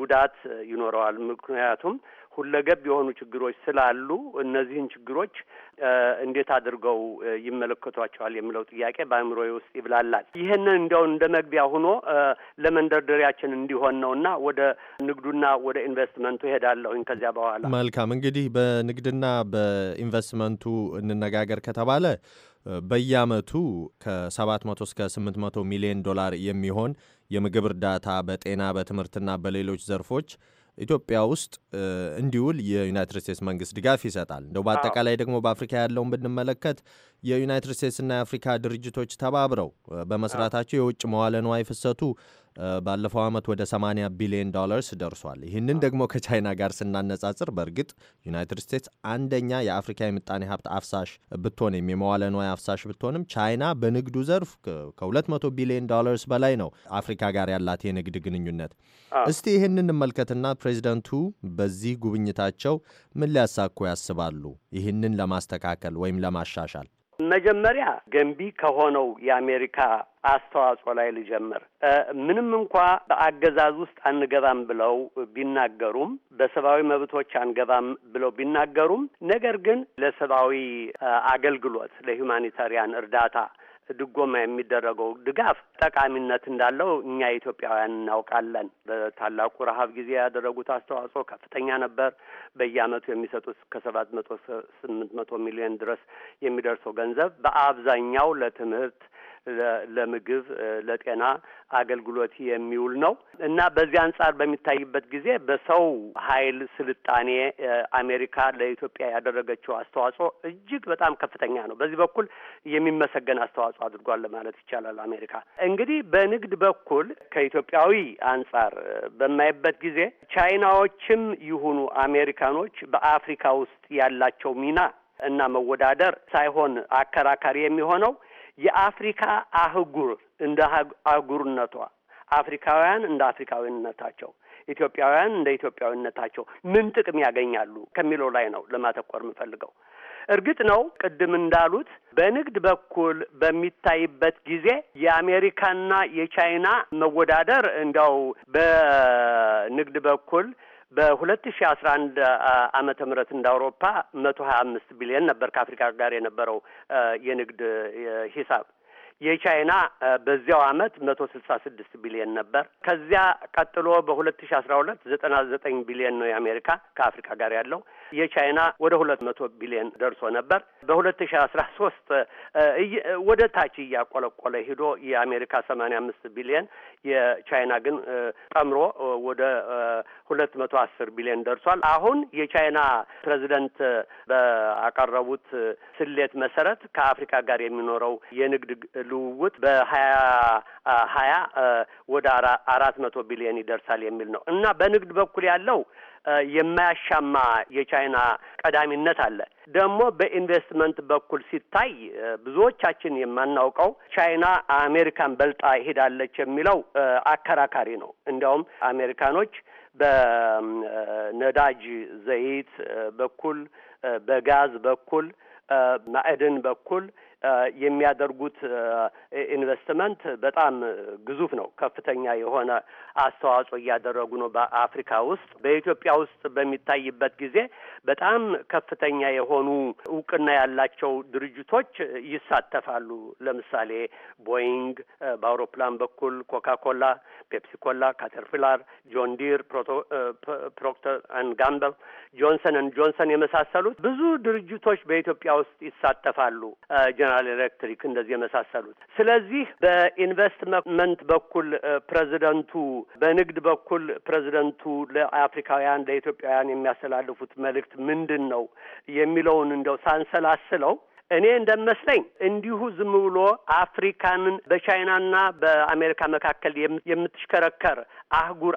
ጉዳት ይኖረዋል። ምክንያቱም ሁለገብ የሆኑ ችግሮች ስላሉ እነዚህን ችግሮች እንዴት አድርገው ይመለከቷቸዋል የሚለው ጥያቄ በአእምሮ ውስጥ ይብላላል። ይህንን እንዲያው እንደ መግቢያ ሆኖ ለመንደርደሪያችን እንዲሆን ነውና ወደ ንግዱና ወደ ኢንቨስትመንቱ ሄዳለሁኝ። ከዚያ በኋላ መልካም እንግዲህ በንግድና በኢንቨስትመንቱ እንነጋገር ከተባለ በየአመቱ ከ700 እስከ 800 ሚሊዮን ዶላር የሚሆን የምግብ እርዳታ በጤና በትምህርትና በሌሎች ዘርፎች ኢትዮጵያ ውስጥ እንዲውል የዩናይትድ ስቴትስ መንግስት ድጋፍ ይሰጣል። እንደው በአጠቃላይ ደግሞ በአፍሪካ ያለውን ብንመለከት የዩናይትድ ስቴትስና የአፍሪካ ድርጅቶች ተባብረው በመስራታቸው የውጭ መዋለ ንዋይ ፍሰቱ ባለፈው ዓመት ወደ 80 ቢሊዮን ዶላርስ ደርሷል። ይህንን ደግሞ ከቻይና ጋር ስናነጻጽር በእርግጥ ዩናይትድ ስቴትስ አንደኛ የአፍሪካ የምጣኔ ሀብት አፍሳሽ ብትሆን የመዋለ ንዋይ አፍሳሽ ብትሆንም ቻይና በንግዱ ዘርፍ ከ200 ቢሊዮን ዶላርስ በላይ ነው አፍሪካ ጋር ያላት የንግድ ግንኙነት። እስቲ ይህንን እንመልከትና ፕሬዚደንቱ በዚህ ጉብኝታቸው ምን ሊያሳኩ ያስባሉ? ይህንን ለማስተካከል ወይም ለማሻሻል መጀመሪያ ገንቢ ከሆነው የአሜሪካ አስተዋጽኦ ላይ ልጀምር። ምንም እንኳ በአገዛዝ ውስጥ አንገባም ብለው ቢናገሩም፣ በሰብአዊ መብቶች አንገባም ብለው ቢናገሩም፣ ነገር ግን ለሰብአዊ አገልግሎት ለሁማኒታሪያን እርዳታ ድጎማ የሚደረገው ድጋፍ ጠቃሚነት እንዳለው እኛ ኢትዮጵያውያን እናውቃለን። በታላቁ ረሀብ ጊዜ ያደረጉት አስተዋጽኦ ከፍተኛ ነበር። በየአመቱ የሚሰጡት ከሰባት መቶ ስምንት መቶ ሚሊዮን ድረስ የሚደርሰው ገንዘብ በአብዛኛው ለትምህርት ለምግብ፣ ለጤና አገልግሎት የሚውል ነው እና በዚህ አንጻር በሚታይበት ጊዜ በሰው ኃይል ስልጣኔ አሜሪካ ለኢትዮጵያ ያደረገችው አስተዋጽኦ እጅግ በጣም ከፍተኛ ነው። በዚህ በኩል የሚመሰገን አስተዋጽኦ አድርጓል ለማለት ይቻላል። አሜሪካ እንግዲህ በንግድ በኩል ከኢትዮጵያዊ አንጻር በማይበት ጊዜ ቻይናዎችም ይሁኑ አሜሪካኖች በአፍሪካ ውስጥ ያላቸው ሚና እና መወዳደር ሳይሆን አከራካሪ የሚሆነው የአፍሪካ አህጉር እንደ አህጉርነቷ፣ አፍሪካውያን እንደ አፍሪካዊነታቸው፣ ኢትዮጵያውያን እንደ ኢትዮጵያዊነታቸው ምን ጥቅም ያገኛሉ ከሚለው ላይ ነው ለማተኮር የምፈልገው። እርግጥ ነው ቅድም እንዳሉት በንግድ በኩል በሚታይበት ጊዜ የአሜሪካና የቻይና መወዳደር እንዲያው በንግድ በኩል በሁለት ሺ አስራ አንድ አመተ ምህረት እንደ አውሮፓ መቶ ሀያ አምስት ቢሊየን ነበር ከአፍሪካ ጋር የነበረው የንግድ ሂሳብ የቻይና በዚያው አመት መቶ ስልሳ ስድስት ቢሊየን ነበር። ከዚያ ቀጥሎ በሁለት ሺ አስራ ሁለት ዘጠና ዘጠኝ ቢሊየን ነው የአሜሪካ ከአፍሪካ ጋር ያለው። የቻይና ወደ ሁለት መቶ ቢሊየን ደርሶ ነበር። በሁለት ሺ አስራ ሶስት ወደ ታች እያቆለቆለ ሂዶ የአሜሪካ ሰማንያ አምስት ቢሊየን የቻይና ግን ጠምሮ ወደ ሁለት መቶ አስር ቢሊየን ደርሷል። አሁን የቻይና ፕሬዚደንት በአቀረቡት ስሌት መሰረት ከአፍሪካ ጋር የሚኖረው የንግድ ልውውጥ በሀያ ሀያ ወደ አራት መቶ ቢሊዮን ይደርሳል የሚል ነው እና በንግድ በኩል ያለው የማያሻማ የቻይና ቀዳሚነት አለ። ደግሞ በኢንቨስትመንት በኩል ሲታይ ብዙዎቻችን የማናውቀው ቻይና አሜሪካን በልጣ ይሄዳለች የሚለው አከራካሪ ነው። እንዲያውም አሜሪካኖች በነዳጅ ዘይት በኩል በጋዝ በኩል ማዕድን በኩል የሚያደርጉት ኢንቨስትመንት በጣም ግዙፍ ነው። ከፍተኛ የሆነ አስተዋጽኦ እያደረጉ ነው በአፍሪካ ውስጥ። በኢትዮጵያ ውስጥ በሚታይበት ጊዜ በጣም ከፍተኛ የሆኑ እውቅና ያላቸው ድርጅቶች ይሳተፋሉ። ለምሳሌ ቦይንግ በአውሮፕላን በኩል ኮካ ኮላ፣ ፔፕሲ ኮላ፣ ካተርፒላር፣ ጆን ዲር፣ ፕሮክተር አንድ ጋምበል፣ ጆንሰን ን ጆንሰን የመሳሰሉት ብዙ ድርጅቶች በኢትዮጵያ ውስጥ ይሳተፋሉ። ጀነራል ኤሌክትሪክ እንደዚህ የመሳሰሉት። ስለዚህ በኢንቨስትመንት በኩል ፕሬዚደንቱ፣ በንግድ በኩል ፕሬዚደንቱ ለአፍሪካውያን ለኢትዮጵያውያን የሚያስተላልፉት መልእክት ምንድን ነው የሚለውን እንደው ሳንሰላስለው እኔ እንደመስለኝ እንዲሁ ዝም ብሎ አፍሪካንን በቻይናና በአሜሪካ መካከል የምትሽከረከር አህጉር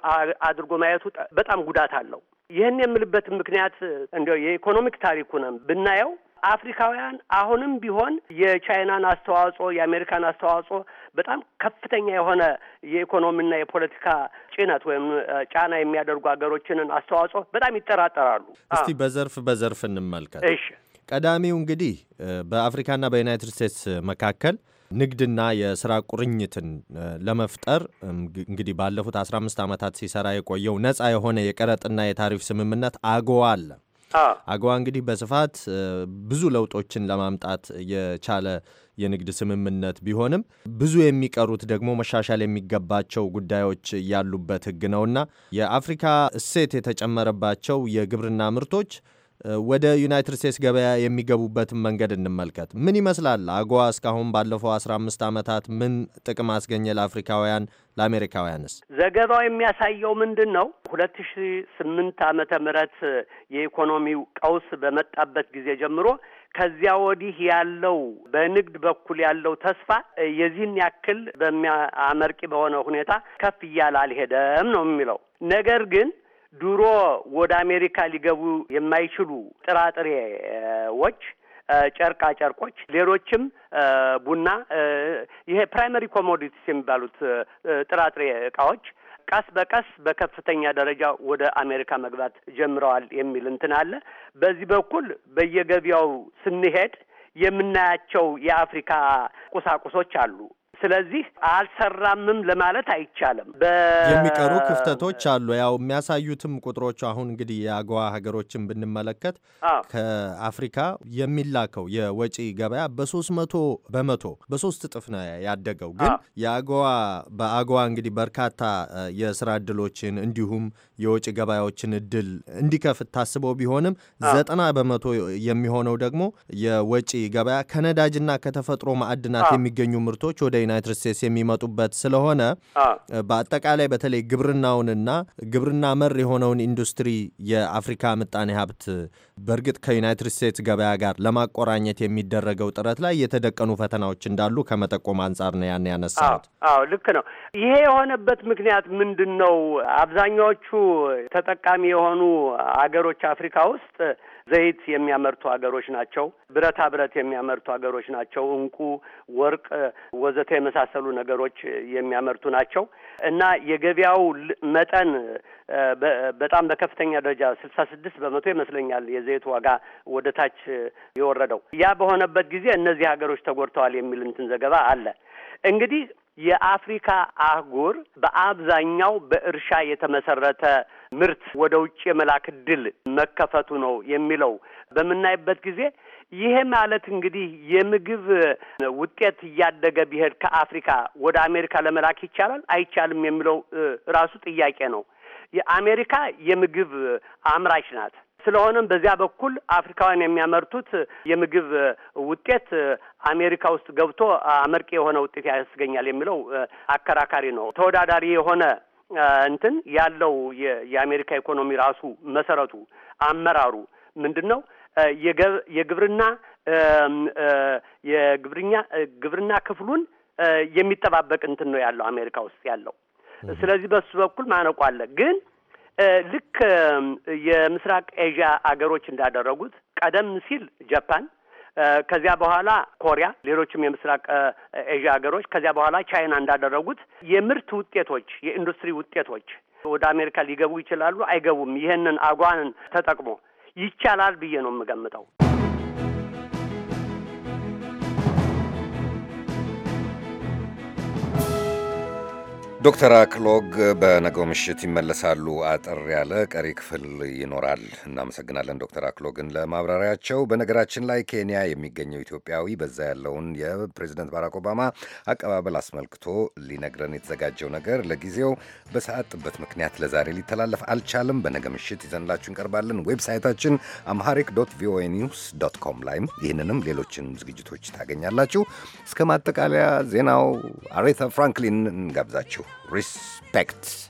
አድርጎ ማየቱ በጣም ጉዳት አለው። ይህን የምልበት ምክንያት እንዲያው የኢኮኖሚክ ታሪኩንም ብናየው አፍሪካውያን አሁንም ቢሆን የቻይናን አስተዋጽኦ የአሜሪካን አስተዋጽኦ በጣም ከፍተኛ የሆነ የኢኮኖሚና የፖለቲካ ጭነት ወይም ጫና የሚያደርጉ ሀገሮችንን አስተዋጽኦ በጣም ይጠራጠራሉ። እስቲ በዘርፍ በዘርፍ እንመልከት። እሺ፣ ቀዳሚው እንግዲህ በአፍሪካና በዩናይትድ ስቴትስ መካከል ንግድና የስራ ቁርኝትን ለመፍጠር እንግዲህ ባለፉት አስራ አምስት ዓመታት ሲሰራ የቆየው ነጻ የሆነ የቀረጥና የታሪፍ ስምምነት አጎዋ አለ። አግዋ እንግዲህ በስፋት ብዙ ለውጦችን ለማምጣት የቻለ የንግድ ስምምነት ቢሆንም ብዙ የሚቀሩት ደግሞ መሻሻል የሚገባቸው ጉዳዮች ያሉበት ህግ ነውና የአፍሪካ እሴት የተጨመረባቸው የግብርና ምርቶች ወደ ዩናይትድ ስቴትስ ገበያ የሚገቡበትን መንገድ እንመልከት። ምን ይመስላል? አጎዋ እስካሁን ባለፈው 15 ዓመታት ምን ጥቅም አስገኘ ለአፍሪካውያን ለአሜሪካውያንስ? ዘገባው የሚያሳየው ምንድን ነው? ሁለት ሺ ስምንት ዓመተ ምህረት የኢኮኖሚው ቀውስ በመጣበት ጊዜ ጀምሮ ከዚያ ወዲህ ያለው በንግድ በኩል ያለው ተስፋ የዚህን ያክል በሚያመርቂ በሆነ ሁኔታ ከፍ እያለ አልሄደም ነው የሚለው ነገር ግን ድሮ ወደ አሜሪካ ሊገቡ የማይችሉ ጥራጥሬዎች፣ ጨርቃ ጨርቆች፣ ሌሎችም ቡና፣ ይሄ ፕራይመሪ ኮሞዲቲስ የሚባሉት ጥራጥሬ እቃዎች ቀስ በቀስ በከፍተኛ ደረጃ ወደ አሜሪካ መግባት ጀምረዋል የሚል እንትን አለ። በዚህ በኩል በየገበያው ስንሄድ የምናያቸው የአፍሪካ ቁሳቁሶች አሉ። ስለዚህ አልሰራምም ለማለት አይቻልም። የሚቀሩ ክፍተቶች አሉ። ያው የሚያሳዩትም ቁጥሮቹ አሁን እንግዲህ የአገዋ ሀገሮችን ብንመለከት ከአፍሪካ የሚላከው የወጪ ገበያ በሶስት መቶ በመቶ በሶስት እጥፍ ነው ያደገው። ግን የአገዋ በአገዋ እንግዲህ በርካታ የስራ እድሎችን እንዲሁም የወጪ ገበያዎችን እድል እንዲከፍት ታስበው ቢሆንም ዘጠና በመቶ የሚሆነው ደግሞ የወጪ ገበያ ከነዳጅና ከተፈጥሮ ማዕድናት የሚገኙ ምርቶች ወደ ዩናይትድ ስቴትስ የሚመጡበት ስለሆነ በአጠቃላይ በተለይ ግብርናውንና ግብርና መር የሆነውን ኢንዱስትሪ የአፍሪካ ምጣኔ ሀብት በእርግጥ ከዩናይትድ ስቴትስ ገበያ ጋር ለማቆራኘት የሚደረገው ጥረት ላይ የተደቀኑ ፈተናዎች እንዳሉ ከመጠቆም አንጻር ነው ያን ያነሳት። አዎ ልክ ነው። ይሄ የሆነበት ምክንያት ምንድን ነው? አብዛኛዎቹ ተጠቃሚ የሆኑ አገሮች አፍሪካ ውስጥ ዘይት የሚያመርቱ ሀገሮች ናቸው። ብረታ ብረት የሚያመርቱ ሀገሮች ናቸው። እንቁ፣ ወርቅ ወዘተ የመሳሰሉ ነገሮች የሚያመርቱ ናቸው እና የገበያው መጠን በጣም በከፍተኛ ደረጃ ስልሳ ስድስት በመቶ ይመስለኛል የዘይት ዋጋ ወደ ታች የወረደው። ያ በሆነበት ጊዜ እነዚህ ሀገሮች ተጎድተዋል የሚል እንትን ዘገባ አለ። እንግዲህ የአፍሪካ አህጉር በአብዛኛው በእርሻ የተመሰረተ ምርት ወደ ውጭ የመላክ እድል መከፈቱ ነው የሚለው በምናይበት ጊዜ ይሄ ማለት እንግዲህ የምግብ ውጤት እያደገ ቢሄድ ከአፍሪካ ወደ አሜሪካ ለመላክ ይቻላል አይቻልም የሚለው ራሱ ጥያቄ ነው። የአሜሪካ የምግብ አምራች ናት። ስለሆነም በዚያ በኩል አፍሪካውያን የሚያመርቱት የምግብ ውጤት አሜሪካ ውስጥ ገብቶ አመርቂ የሆነ ውጤት ያስገኛል የሚለው አከራካሪ ነው። ተወዳዳሪ የሆነ እንትን ያለው የአሜሪካ ኢኮኖሚ ራሱ መሰረቱ አመራሩ ምንድን ነው? የግብርና የግብርኛ ግብርና ክፍሉን የሚጠባበቅ እንትን ነው ያለው አሜሪካ ውስጥ ያለው። ስለዚህ በሱ በኩል ማነቆ አለ ግን ልክ የምስራቅ ኤዥያ አገሮች እንዳደረጉት ቀደም ሲል ጃፓን ከዚያ በኋላ ኮሪያ፣ ሌሎችም የምስራቅ ኤዥያ ሀገሮች ከዚያ በኋላ ቻይና እንዳደረጉት የምርት ውጤቶች የኢንዱስትሪ ውጤቶች ወደ አሜሪካ ሊገቡ ይችላሉ አይገቡም? ይህንን አጓንን ተጠቅሞ ይቻላል ብዬ ነው የምገምተው። ዶክተር አክሎግ በነገው ምሽት ይመለሳሉ። አጠር ያለ ቀሪ ክፍል ይኖራል። እናመሰግናለን ዶክተር አክሎግን ለማብራሪያቸው። በነገራችን ላይ ኬንያ የሚገኘው ኢትዮጵያዊ በዛ ያለውን የፕሬዚደንት ባራክ ኦባማ አቀባበል አስመልክቶ ሊነግረን የተዘጋጀው ነገር ለጊዜው በሰዓት ጥበት ምክንያት ለዛሬ ሊተላለፍ አልቻልም በነገ ምሽት ይዘንላችሁ እንቀርባለን። ዌብሳይታችን አምሃሪክ ዶት ቪኦኤ ኒውስ ዶት ኮም ላይም ይህንንም ሌሎችን ዝግጅቶች ታገኛላችሁ። እስከ ማጠቃለያ ዜናው አሬታ ፍራንክሊን እንጋብዛችሁ። respect.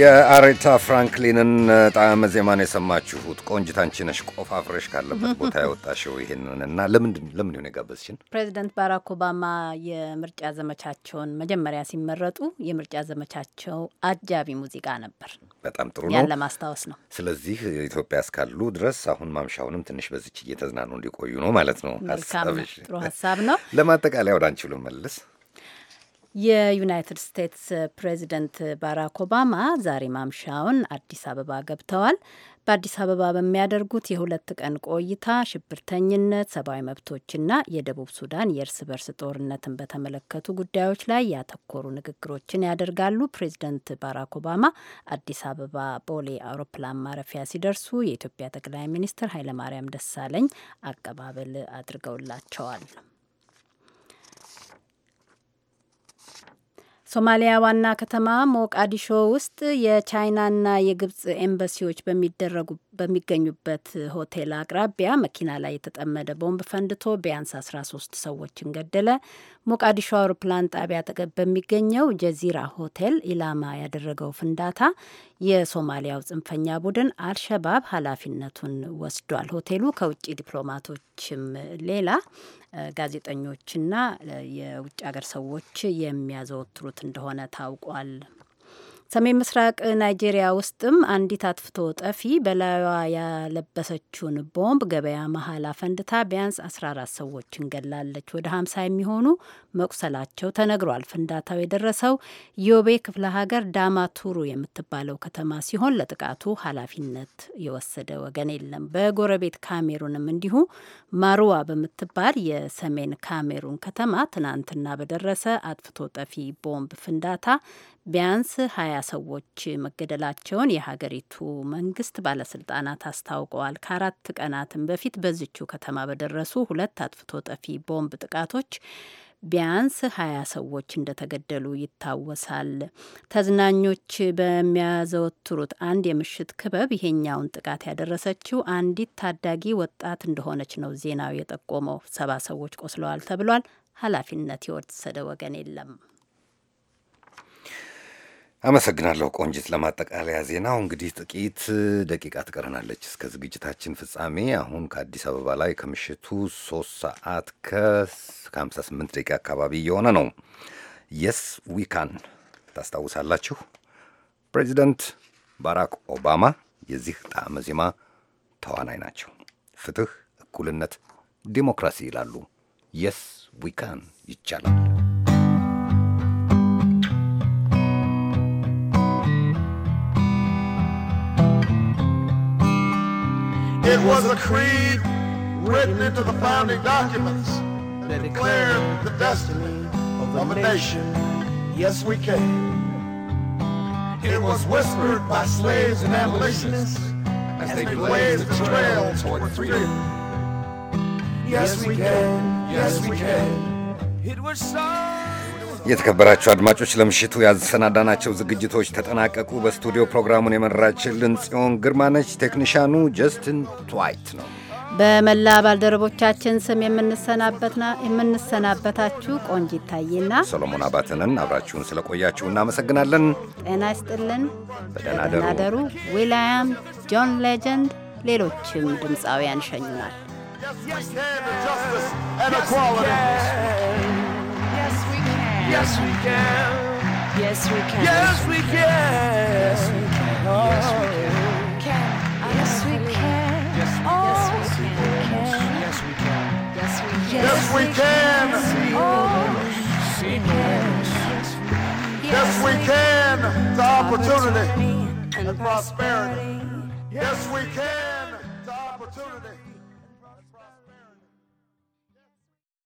የአሬታ ፍራንክሊንን ጣዕመ ዜማን የሰማችሁት ቆንጅት አንቺነሽ ቆፋፍረሽ ካለበት ቦታ ያወጣሽው ይሄንን እና ለምን ሆን የጋበዝሽን? ፕሬዚደንት ባራክ ኦባማ የምርጫ ዘመቻቸውን መጀመሪያ ሲመረጡ የምርጫ ዘመቻቸው አጃቢ ሙዚቃ ነበር። በጣም ጥሩ ነው፣ ያን ለማስታወስ ነው። ስለዚህ ኢትዮጵያ እስካሉ ድረስ አሁን ማምሻውንም ትንሽ በዚች እየተዝናኑ እንዲቆዩ ነው ማለት ነው። ጥሩ ሀሳብ ነው። ለማጠቃለያ ወደ አንቺ ልመልስ። የዩናይትድ ስቴትስ ፕሬዚደንት ባራክ ኦባማ ዛሬ ማምሻውን አዲስ አበባ ገብተዋል። በአዲስ አበባ በሚያደርጉት የሁለት ቀን ቆይታ ሽብርተኝነት፣ ሰብአዊ መብቶችና የደቡብ ሱዳን የእርስ በርስ ጦርነትን በተመለከቱ ጉዳዮች ላይ ያተኮሩ ንግግሮችን ያደርጋሉ። ፕሬዚደንት ባራክ ኦባማ አዲስ አበባ ቦሌ አውሮፕላን ማረፊያ ሲደርሱ የኢትዮጵያ ጠቅላይ ሚኒስትር ኃይለማርያም ደሳለኝ አቀባበል አድርገውላቸዋል። ሶማሊያ ዋና ከተማ ሞቃዲሾ ውስጥ የቻይናና የግብጽ ኤምባሲዎች በሚደረጉ በሚገኙበት ሆቴል አቅራቢያ መኪና ላይ የተጠመደ ቦምብ ፈንድቶ ቢያንስ 13 ሰዎችን ገደለ። ሞቃዲሾ አውሮፕላን ጣቢያ አጠገብ በሚገኘው ጀዚራ ሆቴል ኢላማ ያደረገው ፍንዳታ የሶማሊያው ጽንፈኛ ቡድን አልሸባብ ኃላፊነቱን ወስዷል። ሆቴሉ ከውጭ ዲፕሎማቶችም ሌላ ጋዜጠኞችና የውጭ ሀገር ሰዎች የሚያዘወትሩት እንደሆነ ታውቋል። ሰሜን ምስራቅ ናይጄሪያ ውስጥም አንዲት አጥፍቶ ጠፊ በላዩዋ ያለበሰችውን ቦምብ ገበያ መሀል አፈንድታ ቢያንስ 14 ሰዎችን ገላለች። ወደ 50 የሚሆኑ መቁሰላቸው ተነግሯል። ፍንዳታው የደረሰው ዮቤ ክፍለ ሀገር ዳማቱሩ የምትባለው ከተማ ሲሆን ለጥቃቱ ኃላፊነት የወሰደ ወገን የለም። በጎረቤት ካሜሩንም እንዲሁ ማሩዋ በምትባል የሰሜን ካሜሩን ከተማ ትናንትና በደረሰ አጥፍቶ ጠፊ ቦምብ ፍንዳታ ቢያንስ ሀያ ሰዎች መገደላቸውን የሀገሪቱ መንግስት ባለስልጣናት አስታውቀዋል። ከአራት ቀናትም በፊት በዚቹ ከተማ በደረሱ ሁለት አጥፍቶ ጠፊ ቦምብ ጥቃቶች ቢያንስ ሀያ ሰዎች እንደተገደሉ ይታወሳል። ተዝናኞች በሚያዘወትሩት አንድ የምሽት ክበብ ይሄኛውን ጥቃት ያደረሰችው አንዲት ታዳጊ ወጣት እንደሆነች ነው ዜናው የጠቆመው። ሰባ ሰዎች ቆስለዋል ተብሏል። ኃላፊነት የወሰደ ወገን የለም። አመሰግናለሁ ቆንጅት ለማጠቃለያ ዜናው እንግዲህ ጥቂት ደቂቃ ትቀረናለች እስከ ዝግጅታችን ፍጻሜ። አሁን ከአዲስ አበባ ላይ ከምሽቱ 3 ሰዓት ከ58 ደቂቃ አካባቢ እየሆነ ነው። የስ ዊካን ታስታውሳላችሁ። ፕሬዚደንት ባራክ ኦባማ የዚህ ጣዕመ ዜማ ተዋናይ ናቸው። ፍትህ፣ እኩልነት፣ ዲሞክራሲ ይላሉ። የስ ዊካን ይቻላል። was a creed written into the founding documents that declared the destiny of a nation. Yes, we can. It was whispered by slaves and abolitionists as they blazed the trail toward freedom. Yes, we can. Yes, we can. It was so. የተከበራችሁ አድማጮች ለምሽቱ ያሰናዳናቸው ዝግጅቶች ተጠናቀቁ። በስቱዲዮ ፕሮግራሙን የመራችልን ጽዮን ግርማነች፣ ቴክኒሻኑ ጀስትን ትዋይት ነው። በመላ ባልደረቦቻችን ስም የምንሰናበታችሁ ቆንጅ ይታይና ሰሎሞን አባተንን አብራችሁን ስለቆያችሁ እናመሰግናለን። ጤና ይስጥልን። በደህና ደሩ። ዊልያም ጆን ሌጀንድ፣ ሌሎችም ድምፃውያን ሸኙናል። Yes, we can. Yes, we can. Yes, we can. Yes, we can. Yes, we can. Yes, we can. Yes, we can. Yes, we can. Yes, we can. Yes, we can. The opportunity and prosperity. Yes, we can. The opportunity.